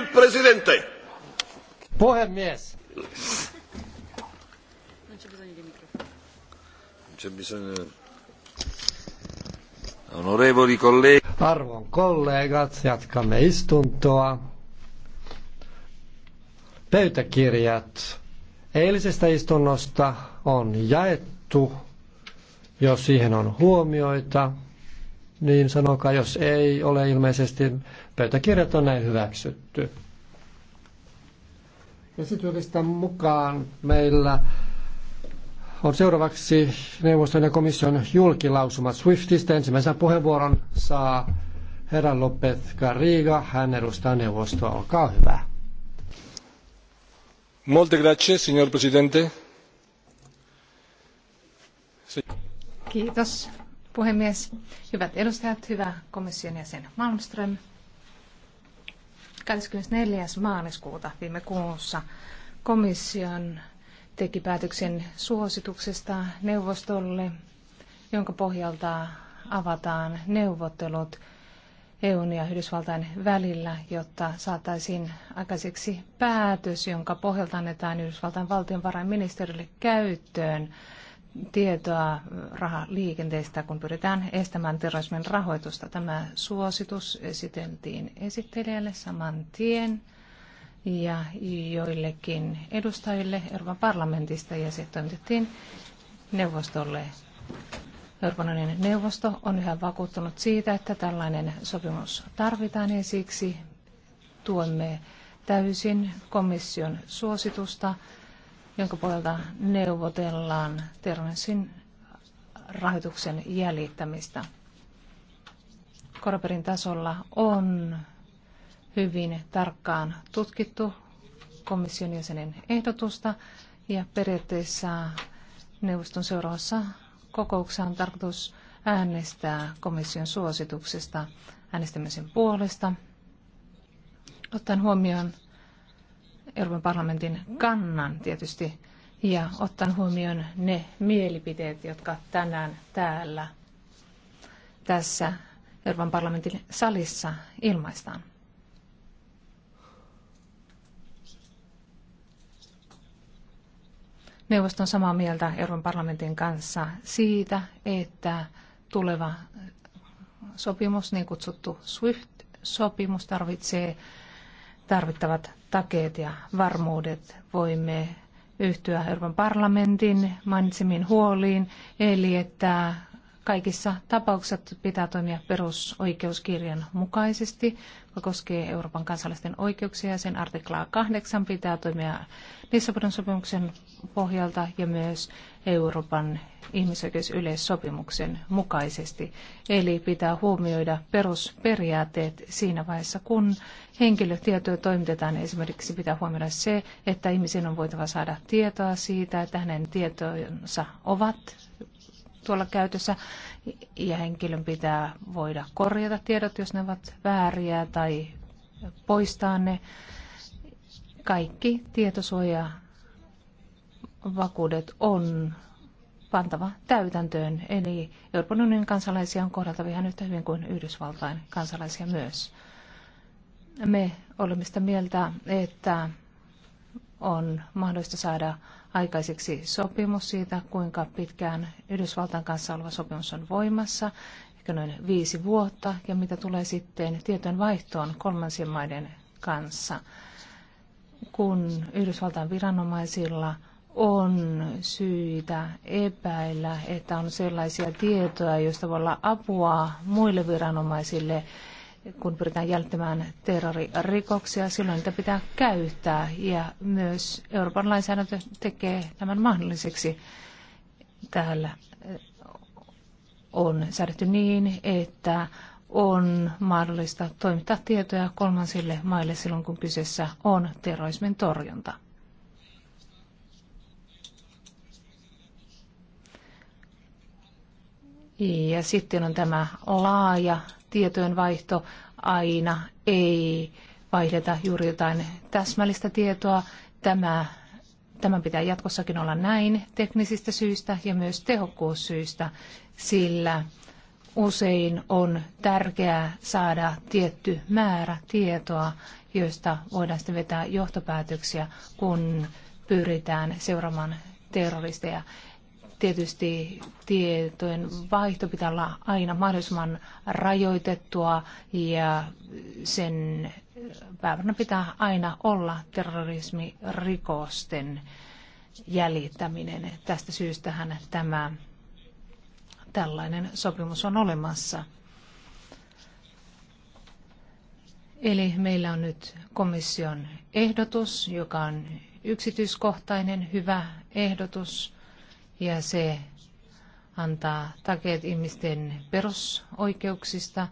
il presidente. Puhemies. c'è bisogno di microfono. Onorevoli colleghi. Arvon kollegat, jatkamme istuntoa. Pöytäkirjat eilisestä istunnosta on jaettu, jos siihen on huomioita niin sanokaa, jos ei ole ilmeisesti, pöytäkirjat on näin hyväksytty. Esityksestä mukaan meillä on seuraavaksi neuvoston ja komission julkilausuma Swiftistä. Ensimmäisen puheenvuoron saa herra Lopez Garriga. Hän edustaa neuvostoa. Olkaa hyvä. Molte grazie, signor Presidente. Kiitos, puhemies, hyvät edustajat, hyvä komission jäsen Malmström. 24. maaliskuuta viime kuussa komission teki päätöksen suosituksesta neuvostolle, jonka pohjalta avataan neuvottelut EUn ja Yhdysvaltain välillä, jotta saataisiin aikaiseksi päätös, jonka pohjalta annetaan Yhdysvaltain valtiovarainministerille käyttöön tietoa rahaliikenteestä, kun pyritään estämään terrorismin rahoitusta. Tämä suositus esiteltiin esittelijälle saman tien ja joillekin edustajille Euroopan parlamentista ja se toimitettiin neuvostolle. Euroopan unionin neuvosto on yhä vakuuttunut siitä, että tällainen sopimus tarvitaan ja siksi tuemme täysin komission suositusta jonka pohjalta neuvotellaan terrorismin rahoituksen jäljittämistä. Korperin tasolla on hyvin tarkkaan tutkittu komission jäsenen ehdotusta ja periaatteessa neuvoston seuraavassa kokouksessa on tarkoitus äänestää komission suosituksesta äänestämisen puolesta. Ottaen huomioon Euroopan parlamentin kannan tietysti ja ottaen huomioon ne mielipiteet, jotka tänään täällä tässä Euroopan parlamentin salissa ilmaistaan. Neuvosto on samaa mieltä Euroopan parlamentin kanssa siitä, että tuleva sopimus, niin kutsuttu SWIFT-sopimus, tarvitsee tarvittavat takeet ja varmuudet. Voimme yhtyä Euroopan parlamentin mainitsemiin huoliin, eli että Kaikissa tapauksissa pitää toimia perusoikeuskirjan mukaisesti, joka koskee Euroopan kansalaisten oikeuksia ja sen artiklaa kahdeksan pitää toimia Lissabonin sopimuksen pohjalta ja myös Euroopan ihmisoikeusyleissopimuksen mukaisesti. Eli pitää huomioida perusperiaatteet siinä vaiheessa, kun henkilötietoja toimitetaan. Esimerkiksi pitää huomioida se, että ihmisen on voitava saada tietoa siitä, että hänen tietonsa ovat tuolla käytössä ja henkilön pitää voida korjata tiedot, jos ne ovat vääriä tai poistaa ne. Kaikki tietosuoja vakuudet on pantava täytäntöön, eli Euroopan unionin kansalaisia on kohdeltava ihan yhtä hyvin kuin Yhdysvaltain kansalaisia myös. Me olemme sitä mieltä, että on mahdollista saada aikaiseksi sopimus siitä, kuinka pitkään Yhdysvaltain kanssa oleva sopimus on voimassa, ehkä noin viisi vuotta, ja mitä tulee sitten tietojen vaihtoon kolmansien maiden kanssa, kun Yhdysvaltain viranomaisilla on syytä epäillä, että on sellaisia tietoja, joista voi olla apua muille viranomaisille, kun pyritään jäljittämään terroririkoksia, silloin niitä pitää käyttää ja myös Euroopan lainsäädäntö tekee tämän mahdolliseksi. Täällä eh, on säädetty niin, että on mahdollista toimittaa tietoja kolmansille maille silloin, kun kyseessä on terrorismin torjunta. Ja sitten on tämä laaja Tietojen vaihto aina ei vaihdeta juuri jotain täsmällistä tietoa. Tämä, tämän pitää jatkossakin olla näin teknisistä syistä ja myös tehokkuussyistä, sillä usein on tärkeää saada tietty määrä tietoa, joista voidaan sitten vetää johtopäätöksiä, kun pyritään seuraamaan terroristeja. Tietysti tietojen vaihto pitää olla aina mahdollisimman rajoitettua ja sen päivänä pitää aina olla terrorismirikosten jäljittäminen. Tästä syystähän tämä tällainen sopimus on olemassa. Eli meillä on nyt komission ehdotus, joka on yksityiskohtainen, hyvä ehdotus ja se antaa takeet ihmisten perusoikeuksista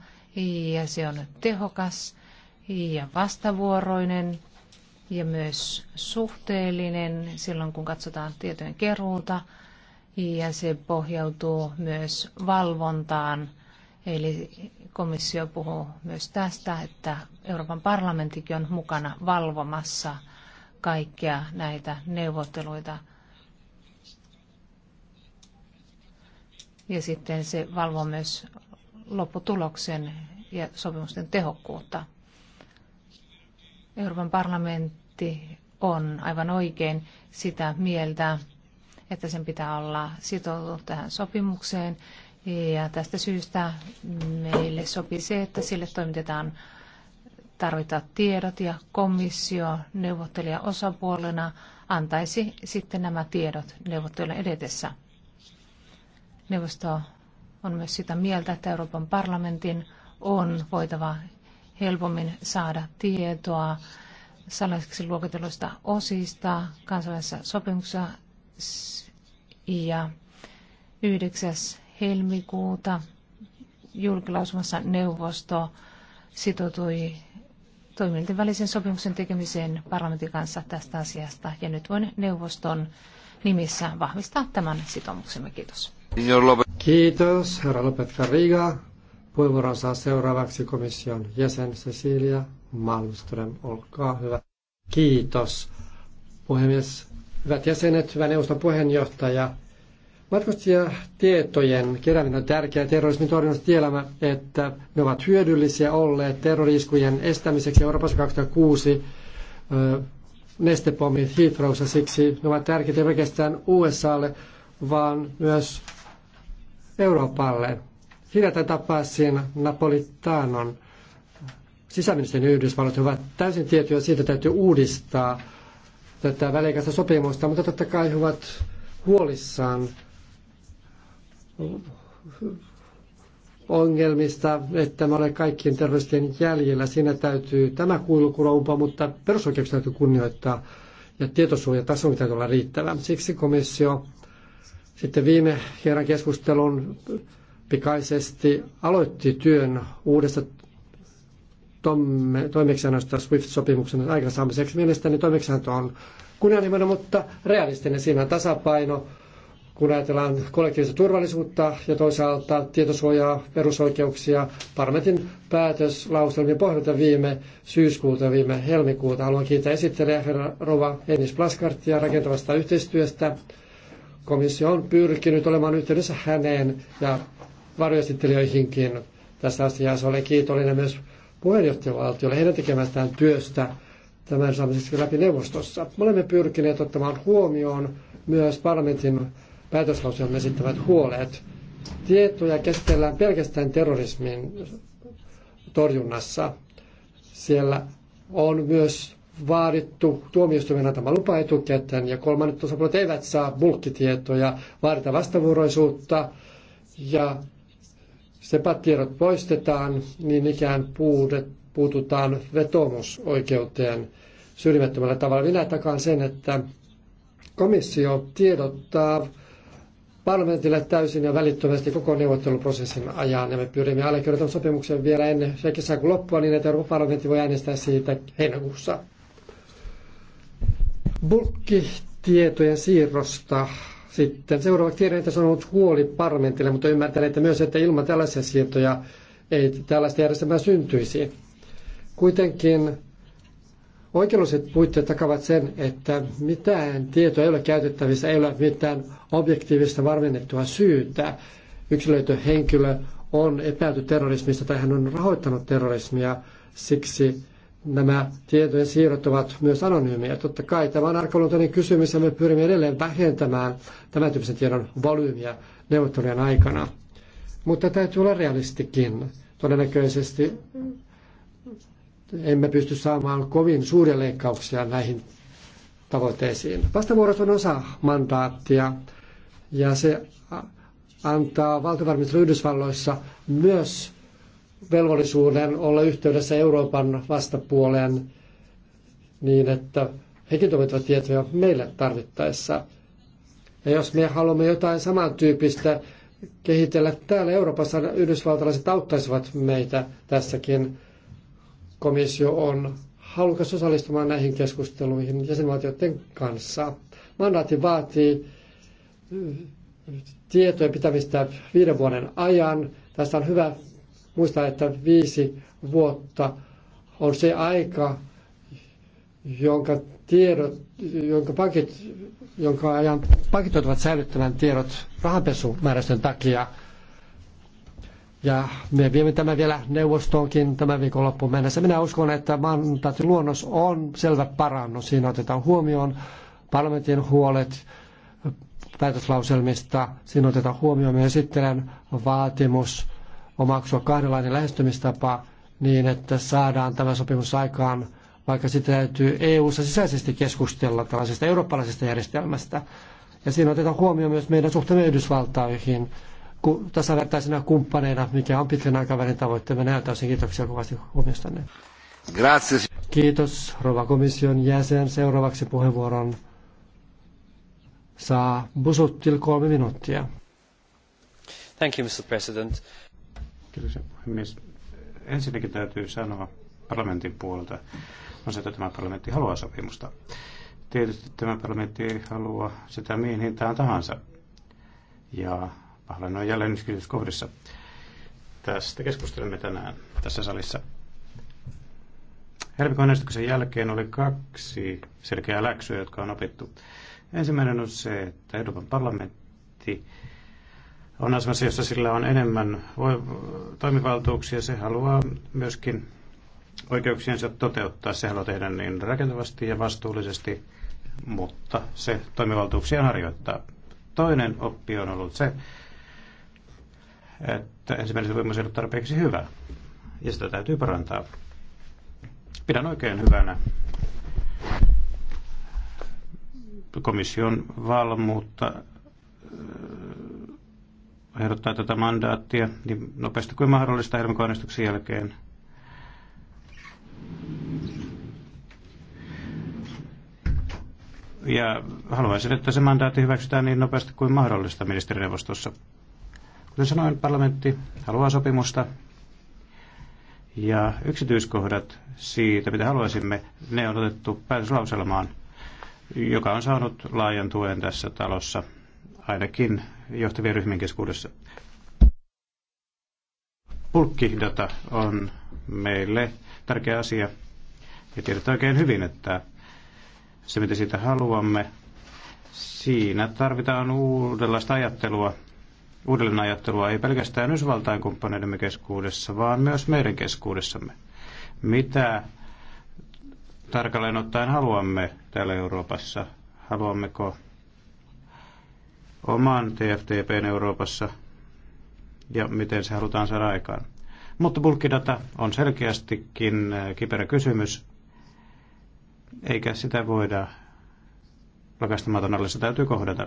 ja se on tehokas ja vastavuoroinen ja myös suhteellinen silloin, kun katsotaan tietojen keruuta. Ja se pohjautuu myös valvontaan. Eli komissio puhuu myös tästä, että Euroopan parlamenttikin on mukana valvomassa kaikkia näitä neuvotteluita – ja sitten se valvoo myös lopputuloksen ja sopimusten tehokkuutta. Euroopan parlamentti on aivan oikein sitä mieltä, että sen pitää olla sitoutunut tähän sopimukseen. Ja tästä syystä meille sopii se, että sille toimitetaan tarvittavat tiedot ja komissio neuvottelija osapuolena antaisi sitten nämä tiedot neuvottelujen edetessä. Neuvosto on myös sitä mieltä, että Euroopan parlamentin on voitava helpommin saada tietoa salaisiksi luokitelluista osista kansainvälisessä sopimuksessa ja 9. helmikuuta julkilausumassa neuvosto sitoutui toimijoiden välisen sopimuksen tekemiseen parlamentin kanssa tästä asiasta ja nyt voin neuvoston nimissä vahvistaa tämän sitoumuksemme. Kiitos. Kiitos, herra Lopet Garriga. Puheenvuoron saa seuraavaksi komission jäsen Cecilia Malmström. Olkaa hyvä. Kiitos, puhemies. Hyvät jäsenet, hyvä neuvoston puheenjohtaja. Matkustajatietojen kerääminen on tärkeää terrorismin torjunnassa tiellämä, että ne ovat hyödyllisiä olleet terroriskujen estämiseksi Euroopassa 2006 nestepommit Heathrowssa, siksi ne ovat tärkeitä ei pelkästään USAlle, vaan myös Euroopalle. Hiljattain tapasin Napolitanon sisäministerin Yhdysvallat. ovat täysin tietoja siitä, täytyy uudistaa tätä väliaikaista sopimusta, mutta totta kai he ovat huolissaan ongelmista, että me olemme kaikkien terroristien jäljellä. Siinä täytyy tämä kuilu kuroumpaa, mutta perusoikeuksia täytyy kunnioittaa ja tietosuojataso täytyy olla riittävä. Siksi komissio sitten viime kerran keskustelun pikaisesti aloitti työn uudesta toimeksiannosta SWIFT-sopimuksen aikaansaamiseksi. Mielestäni toimeksianto on kunnianhimoinen, mutta realistinen. Siinä on tasapaino, kun ajatellaan kollektiivista turvallisuutta ja toisaalta tietosuojaa, perusoikeuksia. Parlamentin päätöslauselmien pohjalta viime syyskuuta ja viime helmikuuta haluan kiittää esittelijä herra Rova Ennis Plaskartia rakentavasta yhteistyöstä Komissio on pyrkinyt olemaan yhteydessä häneen ja varjoesittelijöihinkin tässä asiassa. Olen kiitollinen myös puheenjohtajavaltiolle heidän tekemästään työstä tämän saamiseksi läpi neuvostossa. Me olemme pyrkineet ottamaan huomioon myös parlamentin päätöslauselman esittävät huolet. Tietoja käsitellään pelkästään terrorismin torjunnassa. Siellä on myös vaadittu tuomioistuimen antama lupa etukäteen ja kolmannet osapuolet eivät saa bulkkitietoja, vaadita vastavuoroisuutta ja sepatiedot poistetaan, niin ikään puudet, puututaan vetomusoikeuteen syrjimättömällä tavalla. Minä takaan sen, että komissio tiedottaa parlamentille täysin ja välittömästi koko neuvotteluprosessin ajan. Ja me pyrimme allekirjoittamaan sopimuksen vielä ennen kesäkuun loppua niin, että Euroopan parlamentti voi äänestää siitä heinäkuussa. Bulkkitietojen siirrosta sitten. Seuraavaksi tiedän, että se on ollut huoli parlamentille, mutta ymmärtän, että myös, että ilman tällaisia siirtoja ei tällaista järjestelmää syntyisi. Kuitenkin oikeudelliset puitteet takavat sen, että mitään tietoa ei ole käytettävissä, ei ole mitään objektiivista varmennettua syytä. Yksilöity henkilö on epäilty terrorismista tai hän on rahoittanut terrorismia, siksi nämä tietojen siirrot ovat myös anonyymiä. Totta kai tämä on arkaluontoinen kysymys ja me pyrimme edelleen vähentämään tämän tyyppisen tiedon volyymiä neuvottelujen aikana. Mutta täytyy olla realistikin. Todennäköisesti emme pysty saamaan kovin suuria leikkauksia näihin tavoitteisiin. Vastavuorot on osa mandaattia ja se antaa valtavarmistelu Yhdysvalloissa myös velvollisuuden olla yhteydessä Euroopan vastapuoleen niin, että hekin toimittavat tietoja meille tarvittaessa. Ja jos me haluamme jotain samantyyppistä kehitellä täällä Euroopassa, yhdysvaltalaiset auttaisivat meitä tässäkin. Komissio on halukas osallistumaan näihin keskusteluihin jäsenvaltioiden kanssa. Mandaatti vaatii äh, tietojen pitämistä viiden vuoden ajan. Tästä on hyvä muista, että viisi vuotta on se aika, jonka tiedot, jonka pankit, jonka ajan pankit ovat säilyttämään tiedot rahanpesumääräysten takia. Ja me viemme tämän vielä neuvostoonkin tämän viikon loppuun mennessä. Minä uskon, että luonnos on selvä parannus. Siinä otetaan huomioon parlamentin huolet päätöslauselmista. Siinä otetaan huomioon myös esittelen vaatimus omaksua kahdenlainen lähestymistapa niin, että saadaan tämä sopimus aikaan, vaikka sitä täytyy EU-ssa sisäisesti keskustella tällaisesta eurooppalaisesta järjestelmästä. Ja siinä otetaan huomioon myös meidän suhteemme Yhdysvaltoihin tasavertaisena kumppaneina, mikä on pitkän aikavälin tavoitteemme näiltä osin. Kiitoksia kovasti huomiostanne. Grazie. Kiitos, Rova komission jäsen. Seuraavaksi puheenvuoron saa Busuttil kolme minuuttia. Thank you, Mr. President. Kiitoksia puhemies. Ensinnäkin täytyy sanoa parlamentin puolelta, on se, että tämä parlamentti haluaa sopimusta. Tietysti tämä parlamentti ei halua sitä mihin hintaan tahansa. Ja Pahlan on jälleen kohdissa. Tästä keskustelemme tänään tässä salissa. Helmikuun jälkeen oli kaksi selkeää läksyä, jotka on opittu. Ensimmäinen on se, että Euroopan parlamentti on asemassa, jossa sillä on enemmän toimivaltuuksia. Se haluaa myöskin oikeuksiensa toteuttaa. Se haluaa tehdä niin rakentavasti ja vastuullisesti, mutta se toimivaltuuksia harjoittaa. Toinen oppi on ollut se, että ensimmäinen sopimus ei ollut tarpeeksi hyvä, ja sitä täytyy parantaa. Pidän oikein hyvänä komission valmuutta ehdottaa tätä mandaattia niin nopeasti kuin mahdollista helmikuun jälkeen. Ja haluaisin, että se mandaatti hyväksytään niin nopeasti kuin mahdollista ministerineuvostossa. Kuten sanoin, parlamentti haluaa sopimusta ja yksityiskohdat siitä, mitä haluaisimme, ne on otettu päätöslauselmaan, joka on saanut laajan tuen tässä talossa ainakin johtavien ryhmien keskuudessa. Pulkkidata on meille tärkeä asia ja tiedetään oikein hyvin, että se mitä siitä haluamme, siinä tarvitaan uudenlaista ajattelua, uudelleen ajattelua ei pelkästään Yhdysvaltain kumppaneidemme keskuudessa, vaan myös meidän keskuudessamme. Mitä tarkalleen ottaen haluamme täällä Euroopassa? Haluammeko oman TFTPn Euroopassa ja miten se halutaan saada aikaan. Mutta bulkkidata on selkeästikin kiperä kysymys, eikä sitä voida lakastamaton alle, se täytyy kohdata.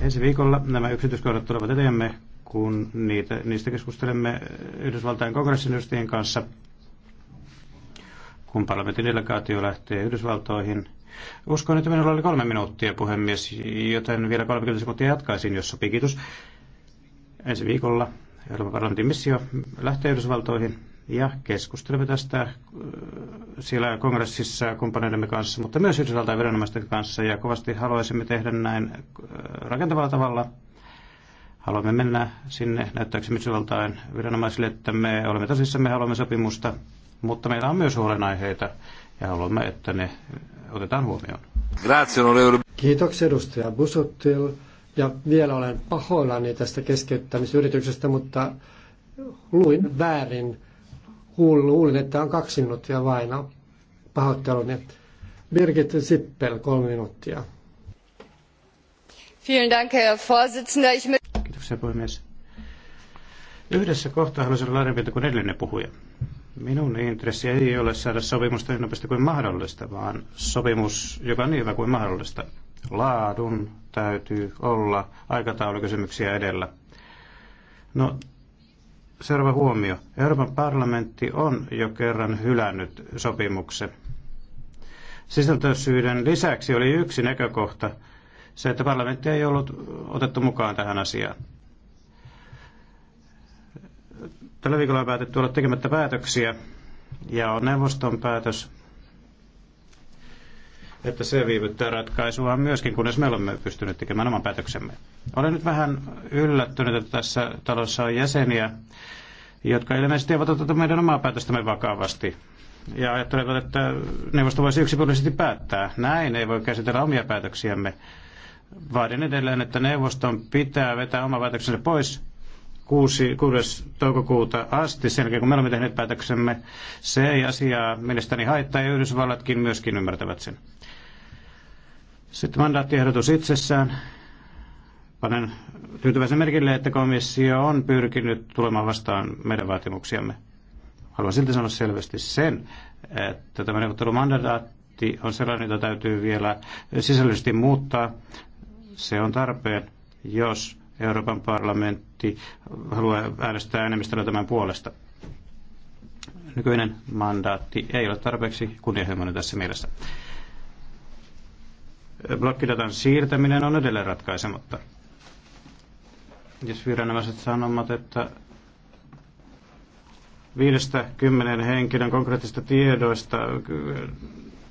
Ensi viikolla nämä yksityiskohdat tulevat eteemme, kun niitä, niistä keskustelemme Yhdysvaltain kongressin ystävien kanssa, kun parlamentin delegaatio lähtee Yhdysvaltoihin – Uskon, että minulla oli kolme minuuttia, puhemies, joten vielä 30 sekuntia jatkaisin, jos sopii. Kiitos. Ensi viikolla Euroopan parlamentin missio lähtee Yhdysvaltoihin ja keskustelemme tästä äh, siellä kongressissa kumppaneidemme kanssa, mutta myös Yhdysvaltain viranomaisten kanssa ja kovasti haluaisimme tehdä näin äh, rakentavalla tavalla. Haluamme mennä sinne näyttääksemme Yhdysvaltain viranomaisille, että me olemme tosissamme, haluamme sopimusta, mutta meillä on myös huolenaiheita ja haluamme, että ne otetaan huomioon. Kiitoksia edustaja Busuttil. Ja vielä olen pahoillani tästä keskeyttämisyrityksestä, mutta luin väärin. Luulin, että on kaksi minuuttia vain. No, pahoitteluni. Birgit Sippel, kolme minuuttia. Kiitoksia puhemies. Yhdessä kohtaa haluaisin olla laajempi kuin edellinen puhuja. Minun intressi ei ole saada sopimusta niin nopeasti kuin mahdollista, vaan sopimus, joka on niin hyvä kuin mahdollista. Laadun täytyy olla aikataulukysymyksiä edellä. No, seuraava huomio. Euroopan parlamentti on jo kerran hylännyt sopimuksen. Sisältösyyden lisäksi oli yksi näkökohta, se, että parlamentti ei ollut otettu mukaan tähän asiaan. Tällä viikolla on päätetty olla tekemättä päätöksiä ja on neuvoston päätös, että se viivyttää ratkaisua myöskin, kunnes me olemme pystyneet tekemään oman päätöksemme. Olen nyt vähän yllättynyt, että tässä talossa on jäseniä, jotka ilmeisesti eivät oteta meidän omaa päätöstämme vakavasti ja ajattelevat, että neuvosto voisi yksipuolisesti päättää. Näin ei voi käsitellä omia päätöksiämme. Vaadin edelleen, että neuvoston pitää vetää oma päätöksensä pois 6. 6. toukokuuta asti, sen jälkeen kun me olemme tehneet päätöksemme. Se ei asiaa mielestäni haittaa ja Yhdysvallatkin myöskin ymmärtävät sen. Sitten mandaattiehdotus itsessään. Panen tyytyväisen merkille, että komissio on pyrkinyt tulemaan vastaan meidän vaatimuksiamme. Haluan silti sanoa selvästi sen, että tämä neuvottelumandaatti on sellainen, jota täytyy vielä sisällisesti muuttaa. Se on tarpeen, jos Euroopan parlamentti haluaa äänestää enemmistöllä tämän puolesta. Nykyinen mandaatti ei ole tarpeeksi kunnianhimoinen tässä mielessä. Blokkidatan siirtäminen on edelleen ratkaisematta. Jos viranomaiset sanomat, että viidestä kymmenen henkilön konkreettisista tiedoista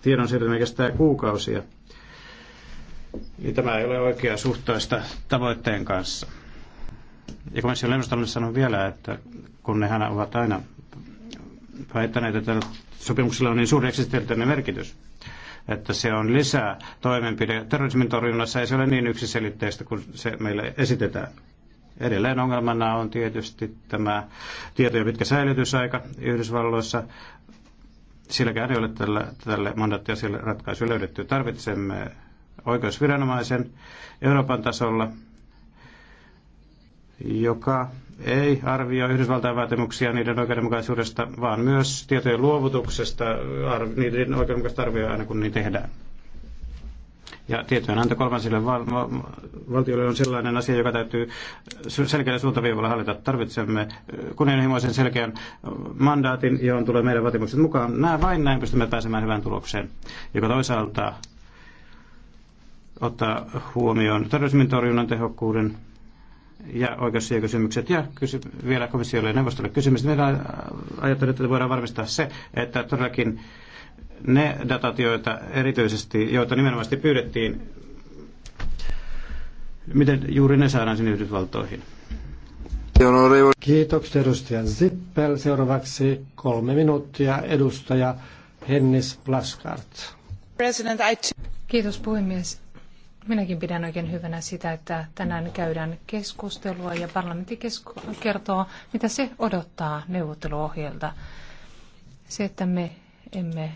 tiedon siirtäminen kestää kuukausia – niin tämä ei ole oikea suhtaista tavoitteen kanssa. Ja komissio Lennostalle sanoi vielä, että kun nehän ovat aina väittäneet, että sopimuksella on niin suuri eksistentiaalinen merkitys, että se on lisää toimenpide terrorismin torjunnassa ei se ole niin yksiselitteistä kuin se meille esitetään. Edelleen ongelmana on tietysti tämä ja pitkä säilytysaika Yhdysvalloissa. Silläkään ei ole tällä, tälle mandaattia sille ratkaisu löydetty. Tarvitsemme oikeusviranomaisen Euroopan tasolla, joka ei arvioi Yhdysvaltain vaatimuksia niiden oikeudenmukaisuudesta, vaan myös tietojen luovutuksesta, niiden oikeudenmukaisesta arvioi aina kun niitä tehdään. Ja tietojen anto kolmansille val- val- valtioille on sellainen asia, joka täytyy selkeällä suuntaviivalla hallita. Tarvitsemme kunnianhimoisen selkeän mandaatin, johon tulee meidän vaatimukset mukaan. Nämä vain näin pystymme pääsemään hyvään tulokseen, joka toisaalta ottaa huomioon terrorismin torjunnan tehokkuuden ja oikeusasiakysymykset ja kysy- vielä komissiolle ja neuvostolle kysymys. Meillä äh, ajattelee, että voidaan varmistaa se, että todellakin ne datat, joita erityisesti, joita nimenomaan pyydettiin, miten juuri ne saadaan sinne Yhdysvaltoihin? Kiitokset edustaja Zippel. Seuraavaksi kolme minuuttia edustaja Hennis Plaskart. Kiitos puhemies. Minäkin pidän oikein hyvänä sitä, että tänään käydään keskustelua ja parlamentti kertoo, mitä se odottaa neuvotteluohjelta. Se, että me emme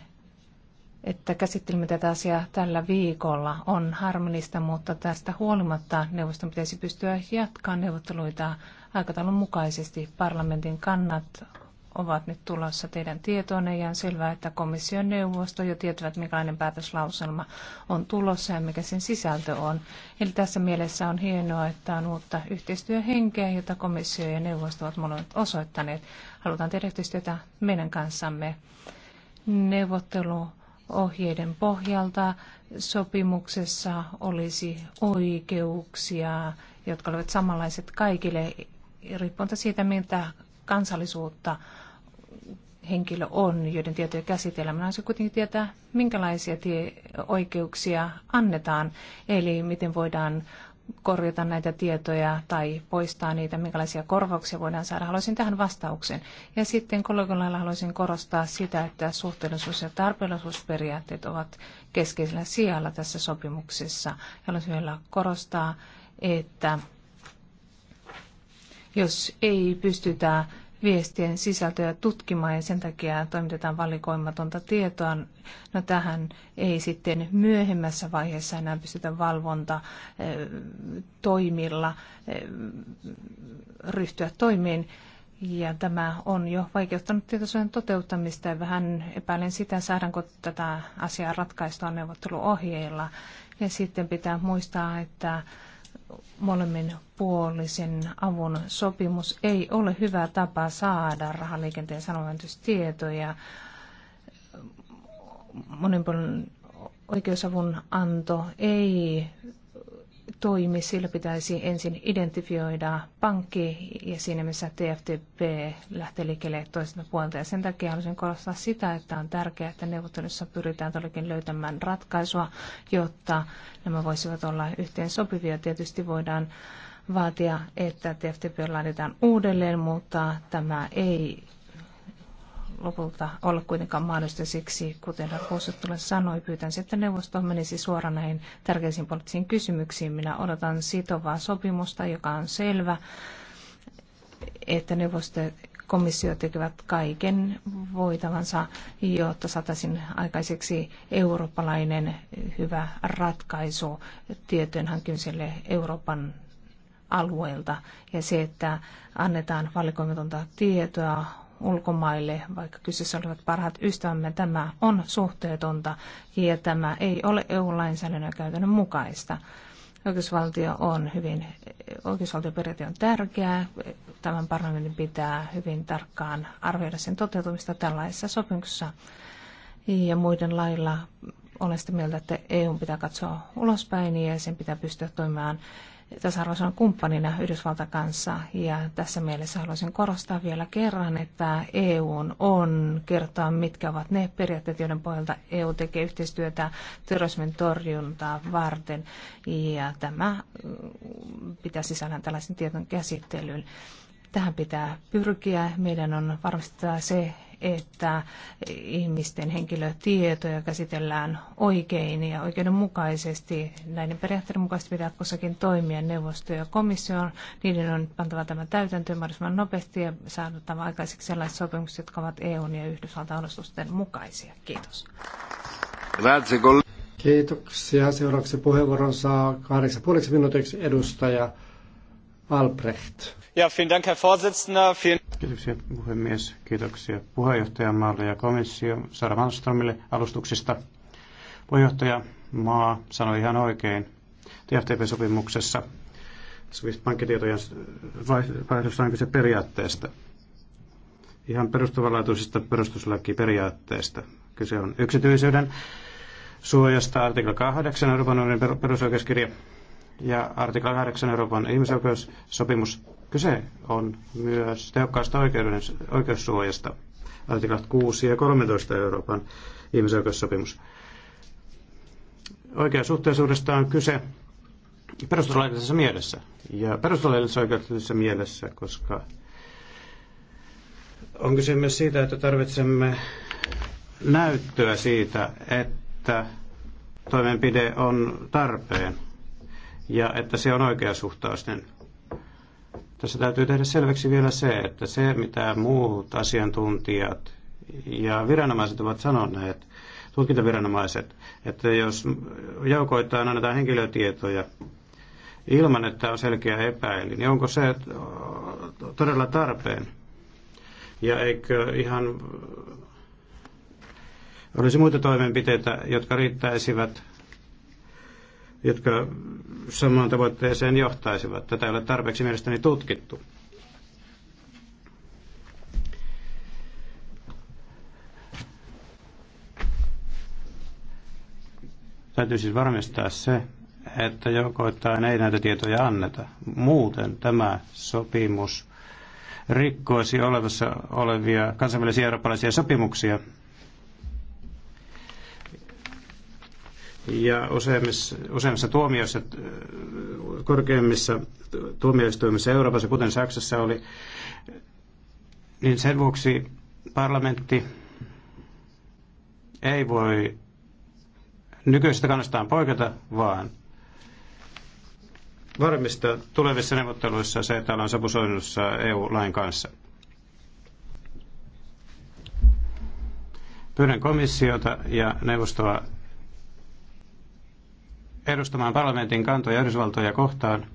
että käsittelimme tätä asiaa tällä viikolla, on harmonista, mutta tästä huolimatta neuvoston pitäisi pystyä jatkamaan neuvotteluita aikataulun mukaisesti. Parlamentin kannat ovat nyt tulossa teidän tietoonne ja on selvää, että komission neuvosto jo tietävät, minkälainen päätöslauselma on tulossa ja mikä sen sisältö on. Eli tässä mielessä on hienoa, että on uutta yhteistyöhenkeä, jota komissio ja neuvosto ovat molemmat osoittaneet. Halutaan tehdä yhteistyötä meidän kanssamme neuvotteluohjeiden pohjalta. Sopimuksessa olisi oikeuksia, jotka olivat samanlaiset kaikille riippumatta siitä, miltä kansallisuutta henkilö on, joiden tietoja käsitellään. Minä haluaisin kuitenkin tietää, minkälaisia tie- oikeuksia annetaan, eli miten voidaan korjata näitä tietoja tai poistaa niitä, minkälaisia korvauksia voidaan saada. Haluaisin tähän vastauksen. Ja sitten kollegalla haluaisin korostaa sitä, että suhteellisuus- ja tarpeellisuusperiaatteet ovat keskeisellä sijalla tässä sopimuksessa. Haluaisin vielä korostaa, että jos ei pystytä viestien sisältöjä tutkimaan ja sen takia toimitetaan valikoimatonta tietoa. No tähän ei sitten myöhemmässä vaiheessa enää pystytä valvonta eh, toimilla eh, ryhtyä toimiin. Ja tämä on jo vaikeuttanut tietosuojan toteuttamista ja vähän epäilen sitä, saadaanko tätä asiaa ratkaistua neuvotteluohjeilla. Ja sitten pitää muistaa, että molemmin puolisen avun sopimus ei ole hyvä tapa saada rahaliikenteen sanomantystietoja. monipuolinen oikeusavun anto ei toimi, sillä pitäisi ensin identifioida pankki ja siinä missä TFTP lähtee liikkeelle toiselta puolta. Ja sen takia haluaisin korostaa sitä, että on tärkeää, että neuvottelussa pyritään todellakin löytämään ratkaisua, jotta nämä voisivat olla yhteen sopivia. Tietysti voidaan vaatia, että TFTP laaditaan uudelleen, mutta tämä ei lopulta ole kuitenkaan mahdollista. Siksi, kuten Rakuusuttula sanoi, pyytän, että neuvosto menisi suoraan näihin tärkeisiin poliittisiin kysymyksiin. Minä odotan sitovaa sopimusta, joka on selvä, että neuvosto komissio tekevät kaiken voitavansa, jotta saataisiin aikaiseksi eurooppalainen hyvä ratkaisu tietojen hankkimiselle Euroopan alueelta. Ja se, että annetaan valikoimatonta tietoa, ulkomaille, vaikka kyseessä olivat parhaat ystävämme. Tämä on suhteetonta ja tämä ei ole EU-lainsäädännön käytännön mukaista. Oikeusvaltio on hyvin, oikeusvaltioperiaate on tärkeää. Tämän parlamentin pitää hyvin tarkkaan arvioida sen toteutumista tällaisessa sopimuksessa. Ja muiden lailla olen sitä mieltä, että EU pitää katsoa ulospäin ja sen pitää pystyä toimimaan tasa-arvoisena kumppanina Yhdysvaltain kanssa. Ja tässä mielessä haluaisin korostaa vielä kerran, että EU on kertoa, mitkä ovat ne periaatteet, joiden pohjalta EU tekee yhteistyötä terrorismin torjuntaa varten. Ja tämä pitää sisällään tällaisen tieton käsittelyn. Tähän pitää pyrkiä. Meidän on varmistettava se, että ihmisten henkilötietoja käsitellään oikein ja oikeudenmukaisesti. Näiden periaatteiden mukaisesti pitää jatkossakin toimia neuvosto ja komissio. Niiden on pantava tämä täytäntöön mahdollisimman nopeasti ja saatava aikaiseksi sellaiset sopimukset, jotka ovat EUn ja Yhdysvaltain olosuhteiden mukaisia. Kiitos. Kiitoksia. Seuraavaksi puheenvuoron saa kahdeksan puoleksi minuutiksi edustaja Albrecht. Ja, vielen Dank, Herr Vorsitzender. Vielen... Kiitoksia puhemies. Kiitoksia puheenjohtajamaalle ja komissio Sara Malmströmille alustuksista. Puheenjohtaja Maa sanoi ihan oikein TFTP-sopimuksessa Swift-pankkitietojen vaihdossa on periaatteesta. Ihan perustavanlaatuisesta perustuslakiperiaatteesta. Kyse on yksityisyyden suojasta artikla 8 Euroopan unionin perusoikeuskirja ja artikla 8 Euroopan ihmisoikeussopimus. Kyse on myös tehokkaasta oikeuden, oikeussuojasta. Artiklat 6 ja 13 Euroopan ihmisoikeussopimus. Oikeasuhteisuudesta on kyse perustuslaillisessa mielessä ja perustuslaillisessa oikeudellisessa mielessä, koska on kyse myös siitä, että tarvitsemme näyttöä siitä, että toimenpide on tarpeen ja että se on oikeasuhtaisten. Niin tässä täytyy tehdä selväksi vielä se, että se mitä muut asiantuntijat ja viranomaiset ovat sanoneet, tutkintaviranomaiset, että jos joukoittain annetaan henkilötietoja ilman, että on selkeä epäily, niin onko se todella tarpeen? Ja eikö ihan olisi muita toimenpiteitä, jotka riittäisivät jotka samaan tavoitteeseen johtaisivat. Tätä ei ole tarpeeksi mielestäni tutkittu. Täytyy siis varmistaa se, että joukoittain ei näitä tietoja anneta. Muuten tämä sopimus rikkoisi olevassa olevia kansainvälisiä eurooppalaisia sopimuksia, ja useimmissa, useimmissa tuomioissa, korkeimmissa tuomioistuimissa Euroopassa, kuten Saksassa oli, niin sen vuoksi parlamentti ei voi nykyisestä kannastaan poiketa, vaan varmistaa tulevissa neuvotteluissa se, että ollaan sopusoinnussa EU-lain kanssa. Pyydän komissiota ja neuvostoa edustamaan parlamentin kantoja Yhdysvaltoja kohtaan,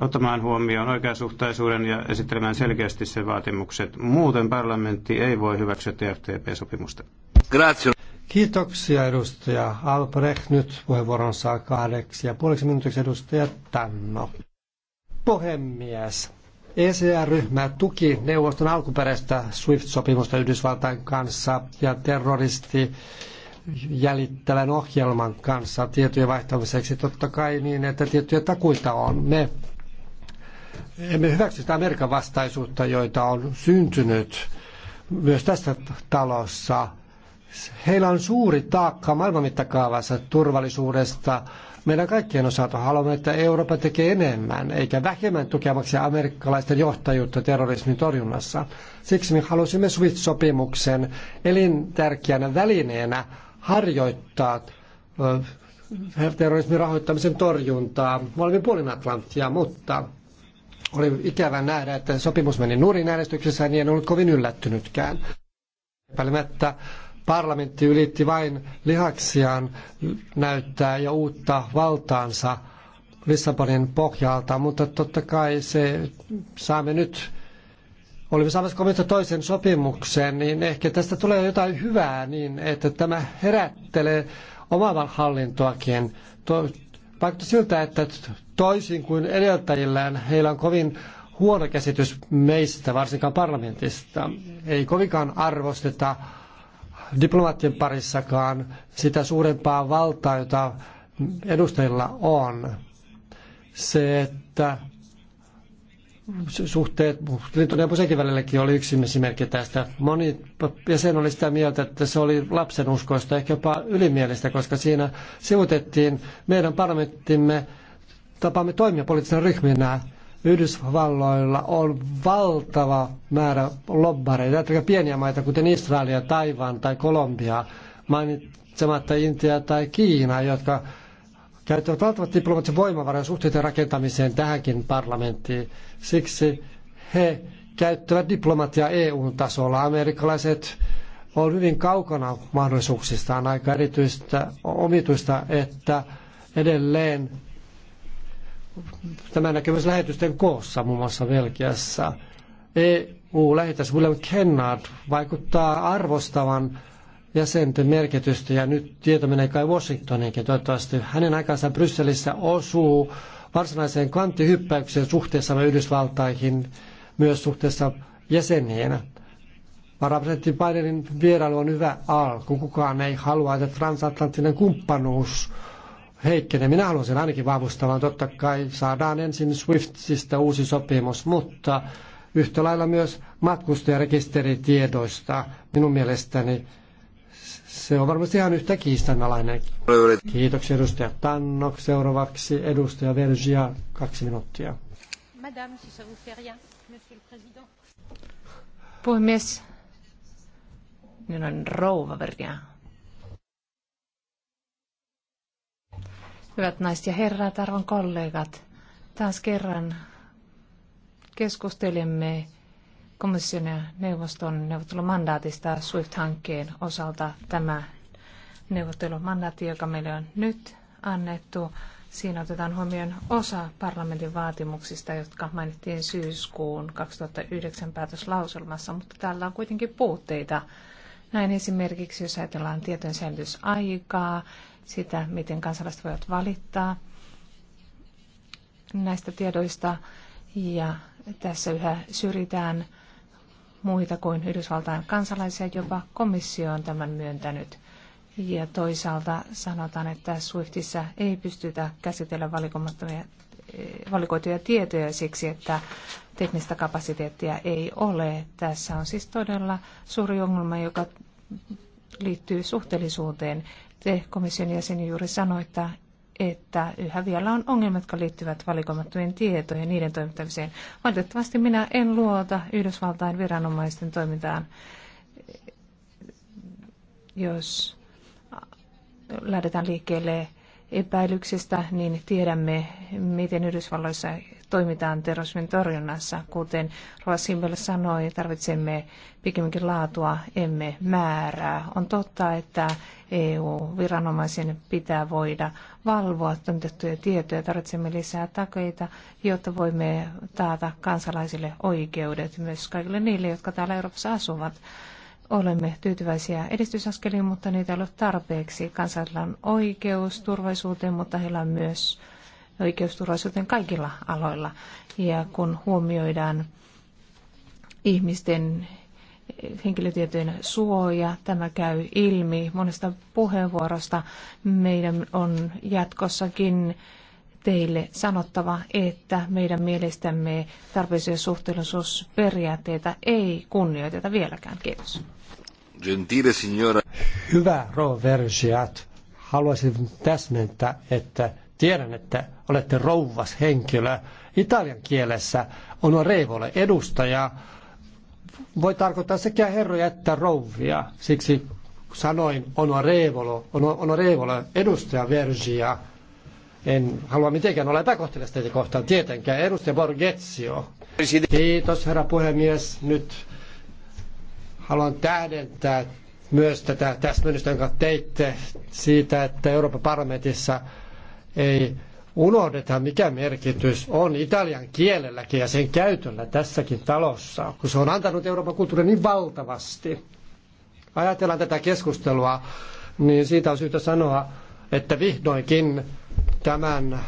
ottamaan huomioon oikeasuhtaisuuden ja esittelemään selkeästi sen vaatimukset. Muuten parlamentti ei voi hyväksyä TFTP-sopimusta. Grazie. Kiitoksia edustaja Albrecht. Nyt puheenvuoron saa kahdeksi ja puoliksi minuutiksi edustaja Tanno. Puhemies. ECR-ryhmä tuki neuvoston alkuperäistä SWIFT-sopimusta Yhdysvaltain kanssa ja terroristi jäljittävän ohjelman kanssa tietojen vaihtamiseksi. Totta kai niin, että tiettyjä takuita on. Me emme hyväksy sitä Amerikan vastaisuutta, joita on syntynyt myös tässä talossa. Heillä on suuri taakka maailman mittakaavassa turvallisuudesta. Meidän kaikkien osalta haluamme, että Eurooppa tekee enemmän, eikä vähemmän tukemaksi amerikkalaisten johtajuutta terrorismin torjunnassa. Siksi me halusimme SWIFT-sopimuksen elintärkeänä välineenä harjoittaa terrorismin rahoittamisen torjuntaa molemmin puolin Atlanttia, mutta oli ikävä nähdä, että sopimus meni nurin äänestyksessä, niin en ollut kovin yllättynytkään. Epäilemättä parlamentti ylitti vain lihaksiaan näyttää ja uutta valtaansa Lissabonin pohjalta, mutta totta kai se saamme nyt olimme saamassa komista toisen sopimuksen, niin ehkä tästä tulee jotain hyvää niin, että tämä herättelee omaa hallintoakin. Vaikuttaa siltä, että toisin kuin edeltäjillään heillä on kovin huono käsitys meistä, varsinkaan parlamentista. Ei kovinkaan arvosteta diplomaattien parissakaan sitä suurempaa valtaa, jota edustajilla on. Se, että suhteet lentoneuvoston välilläkin oli yksi esimerkki tästä. Moni jäsen oli sitä mieltä, että se oli lapsen uskoista, ehkä jopa ylimielistä, koska siinä sivutettiin meidän parlamenttimme tapamme toimia poliittisena ryhminä. Yhdysvalloilla on valtava määrä lobbareita, jotka pieniä maita, kuten Israelia, Taivaan tai Kolombia, mainitsematta Intia tai Kiina, jotka käyttävät valtavat diplomaattiset voimavaran suhteiden rakentamiseen tähänkin parlamenttiin. Siksi he käyttävät diplomatiaa EU-tasolla. Amerikkalaiset on hyvin kaukana mahdollisuuksistaan aika erityistä omituista, että edelleen tämä myös lähetysten koossa muun muassa Belgiassa. EU-lähetys William Kennard vaikuttaa arvostavan jäsenten merkitystä ja nyt tieto menee kai Washingtoninkin. Toivottavasti hänen aikansa Brysselissä osuu varsinaiseen kvanttihyppäykseen suhteessa Yhdysvaltaihin, myös suhteessa jäseniin. Varapresidentti Bidenin vierailu on hyvä alku. Kukaan ei halua, että transatlanttinen kumppanuus heikkenee. Minä haluan sen ainakin vahvustavan. Totta kai saadaan ensin Swiftistä uusi sopimus, mutta yhtä lailla myös matkustajarekisteritiedoista minun mielestäni se on varmasti ihan yhtä kiistanalainen. Kiitoksia edustaja Tannok. Seuraavaksi edustaja Vergia, kaksi minuuttia. Madame, si ça vous fait rien, monsieur le président. Puhemies, minä rouva Vergia. Hyvät naiset ja herrat, arvon kollegat, taas kerran keskustelemme komission ja neuvoston neuvottelumandaatista SWIFT-hankkeen osalta tämä neuvottelumandaatti, joka meille on nyt annettu. Siinä otetaan huomioon osa parlamentin vaatimuksista, jotka mainittiin syyskuun 2009 päätöslauselmassa, mutta täällä on kuitenkin puutteita. Näin esimerkiksi, jos ajatellaan tietojen säilytysaikaa, sitä, miten kansalaiset voivat valittaa näistä tiedoista, ja tässä yhä syrjitään muita kuin Yhdysvaltain kansalaisia, jopa komissio on tämän myöntänyt. Ja toisaalta sanotaan, että Swiftissä ei pystytä käsitellä eh, valikoituja tietoja siksi, että teknistä kapasiteettia ei ole. Tässä on siis todella suuri ongelma, joka liittyy suhteellisuuteen. Te komission jäsen juuri sanoi, että että yhä vielä on ongelmat, jotka liittyvät valikoimattujen tietoihin ja niiden toimittamiseen. Valitettavasti minä en luota Yhdysvaltain viranomaisten toimintaan, jos lähdetään liikkeelle epäilyksistä, niin tiedämme, miten Yhdysvalloissa toimitaan terrorismin torjunnassa. Kuten Roa Simbel sanoi, tarvitsemme pikemminkin laatua, emme määrää. On totta, että EU-viranomaisen pitää voida valvoa tuntettuja tietoja. Tarvitsemme lisää takeita, jotta voimme taata kansalaisille oikeudet, myös kaikille niille, jotka täällä Euroopassa asuvat. Olemme tyytyväisiä edistysaskeliin, mutta niitä ei ole tarpeeksi. Kansalla on oikeus turvallisuuteen, mutta heillä on myös oikeusturvallisuuteen kaikilla aloilla. Ja kun huomioidaan ihmisten henkilötietojen suoja. Tämä käy ilmi monesta puheenvuorosta. Meidän on jatkossakin teille sanottava, että meidän mielestämme tarpeellisia suhteellisuusperiaatteita ei kunnioiteta vieläkään. Kiitos. Gentile signora. Hyvä Roversiat. Haluaisin täsmentää, että tiedän, että olette rouvas henkilö. Italian kielessä on revole edustaja voi tarkoittaa sekä herroja että rouvia. Siksi sanoin Onorevolo, Onorevolo edustaja Vergia. En halua mitenkään olla epäkohtelista teitä kohtaan, tietenkään. Edustaja Borgetsio. Kiitos, herra puhemies. Nyt haluan tähdentää myös tätä täsmennystä, jonka teitte siitä, että Euroopan parlamentissa ei unohdetaan, mikä merkitys on italian kielelläkin ja sen käytöllä tässäkin talossa, kun se on antanut Euroopan kulttuurille niin valtavasti. Ajatellaan tätä keskustelua, niin siitä on syytä sanoa, että vihdoinkin tämän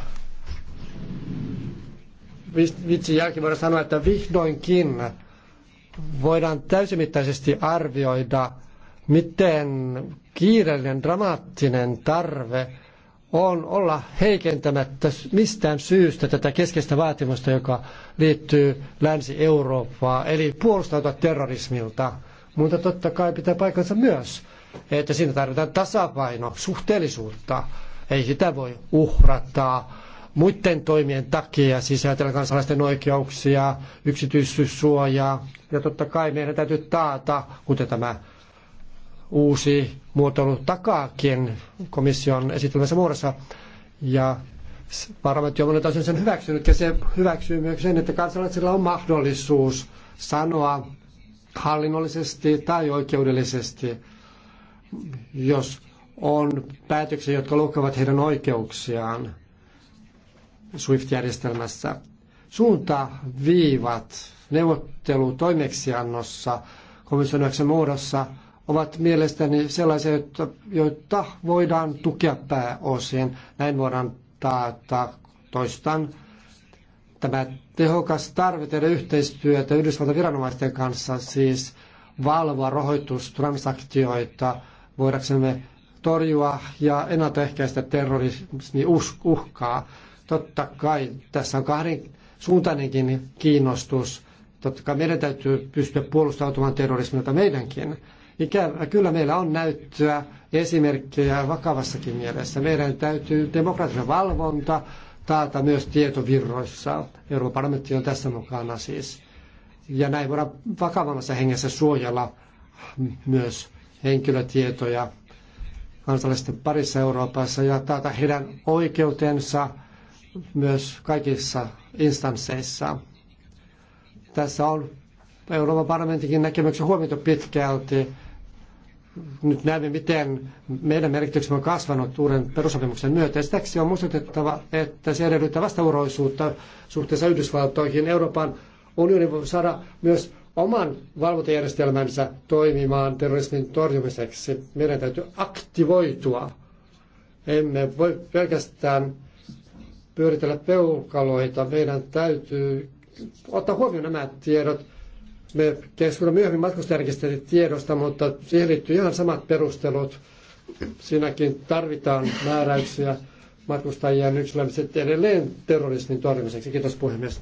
vitsin jälkeen voidaan sanoa, että vihdoinkin voidaan täysimittaisesti arvioida, miten kiireellinen, dramaattinen tarve – on olla heikentämättä mistään syystä tätä keskeistä vaatimusta, joka liittyy Länsi-Eurooppaan, eli puolustautua terrorismilta. Mutta totta kai pitää paikkansa myös, että siinä tarvitaan tasapaino, suhteellisuutta. Ei sitä voi uhrata muiden toimien takia, siis ajatellaan kansalaisten oikeuksia, yksityisyyssuojaa. Ja totta kai meidän täytyy taata, kuten tämä uusi muotoilu takaakin komission esitelmässä muodossa. Ja parlamentti on monelta sen hyväksynyt ja se hyväksyy myös sen, että kansalaisilla on mahdollisuus sanoa hallinnollisesti tai oikeudellisesti, jos on päätöksiä, jotka loukkaavat heidän oikeuksiaan SWIFT-järjestelmässä. Suuntaviivat neuvottelu toimeksiannossa komission muodossa – ovat mielestäni sellaisia, joita, joita voidaan tukea pääosin. Näin voidaan taata, toistan, tämä tehokas tarve tehdä yhteistyötä Yhdysvaltain viranomaisten kanssa, siis valvoa rahoitustransaktioita, voidaksemme torjua ja ennaltaehkäistä uhkaa. Totta kai tässä on kahden suuntainenkin kiinnostus. Totta kai meidän täytyy pystyä puolustautumaan terrorismilta meidänkin. Ikävä kyllä meillä on näyttöä, esimerkkejä vakavassakin mielessä. Meidän täytyy demokratian valvonta taata myös tietovirroissa. Euroopan parlamentti on tässä mukana siis. Ja näin voidaan vakavammassa hengessä suojella myös henkilötietoja kansalaisten parissa Euroopassa ja taata heidän oikeutensa myös kaikissa instansseissa. Tässä on Euroopan parlamentinkin näkemyksen huomioitu pitkälti nyt näemme, miten meidän merkityksemme on kasvanut uuden perusopimuksen myötä. Sitäksi on muistutettava, että se edellyttää vastavuoroisuutta suhteessa Yhdysvaltoihin. Euroopan unioni voi saada myös oman valvontajärjestelmänsä toimimaan terrorismin torjumiseksi. Meidän täytyy aktivoitua. Emme voi pelkästään pyöritellä peukaloita. Meidän täytyy ottaa huomioon nämä tiedot – me keskustelemme myöhemmin tiedosta, mutta siihen liittyy ihan samat perustelut. Siinäkin tarvitaan määräyksiä matkustajien yksilöimiset edelleen terrorismin torjumiseksi. Kiitos puhemies.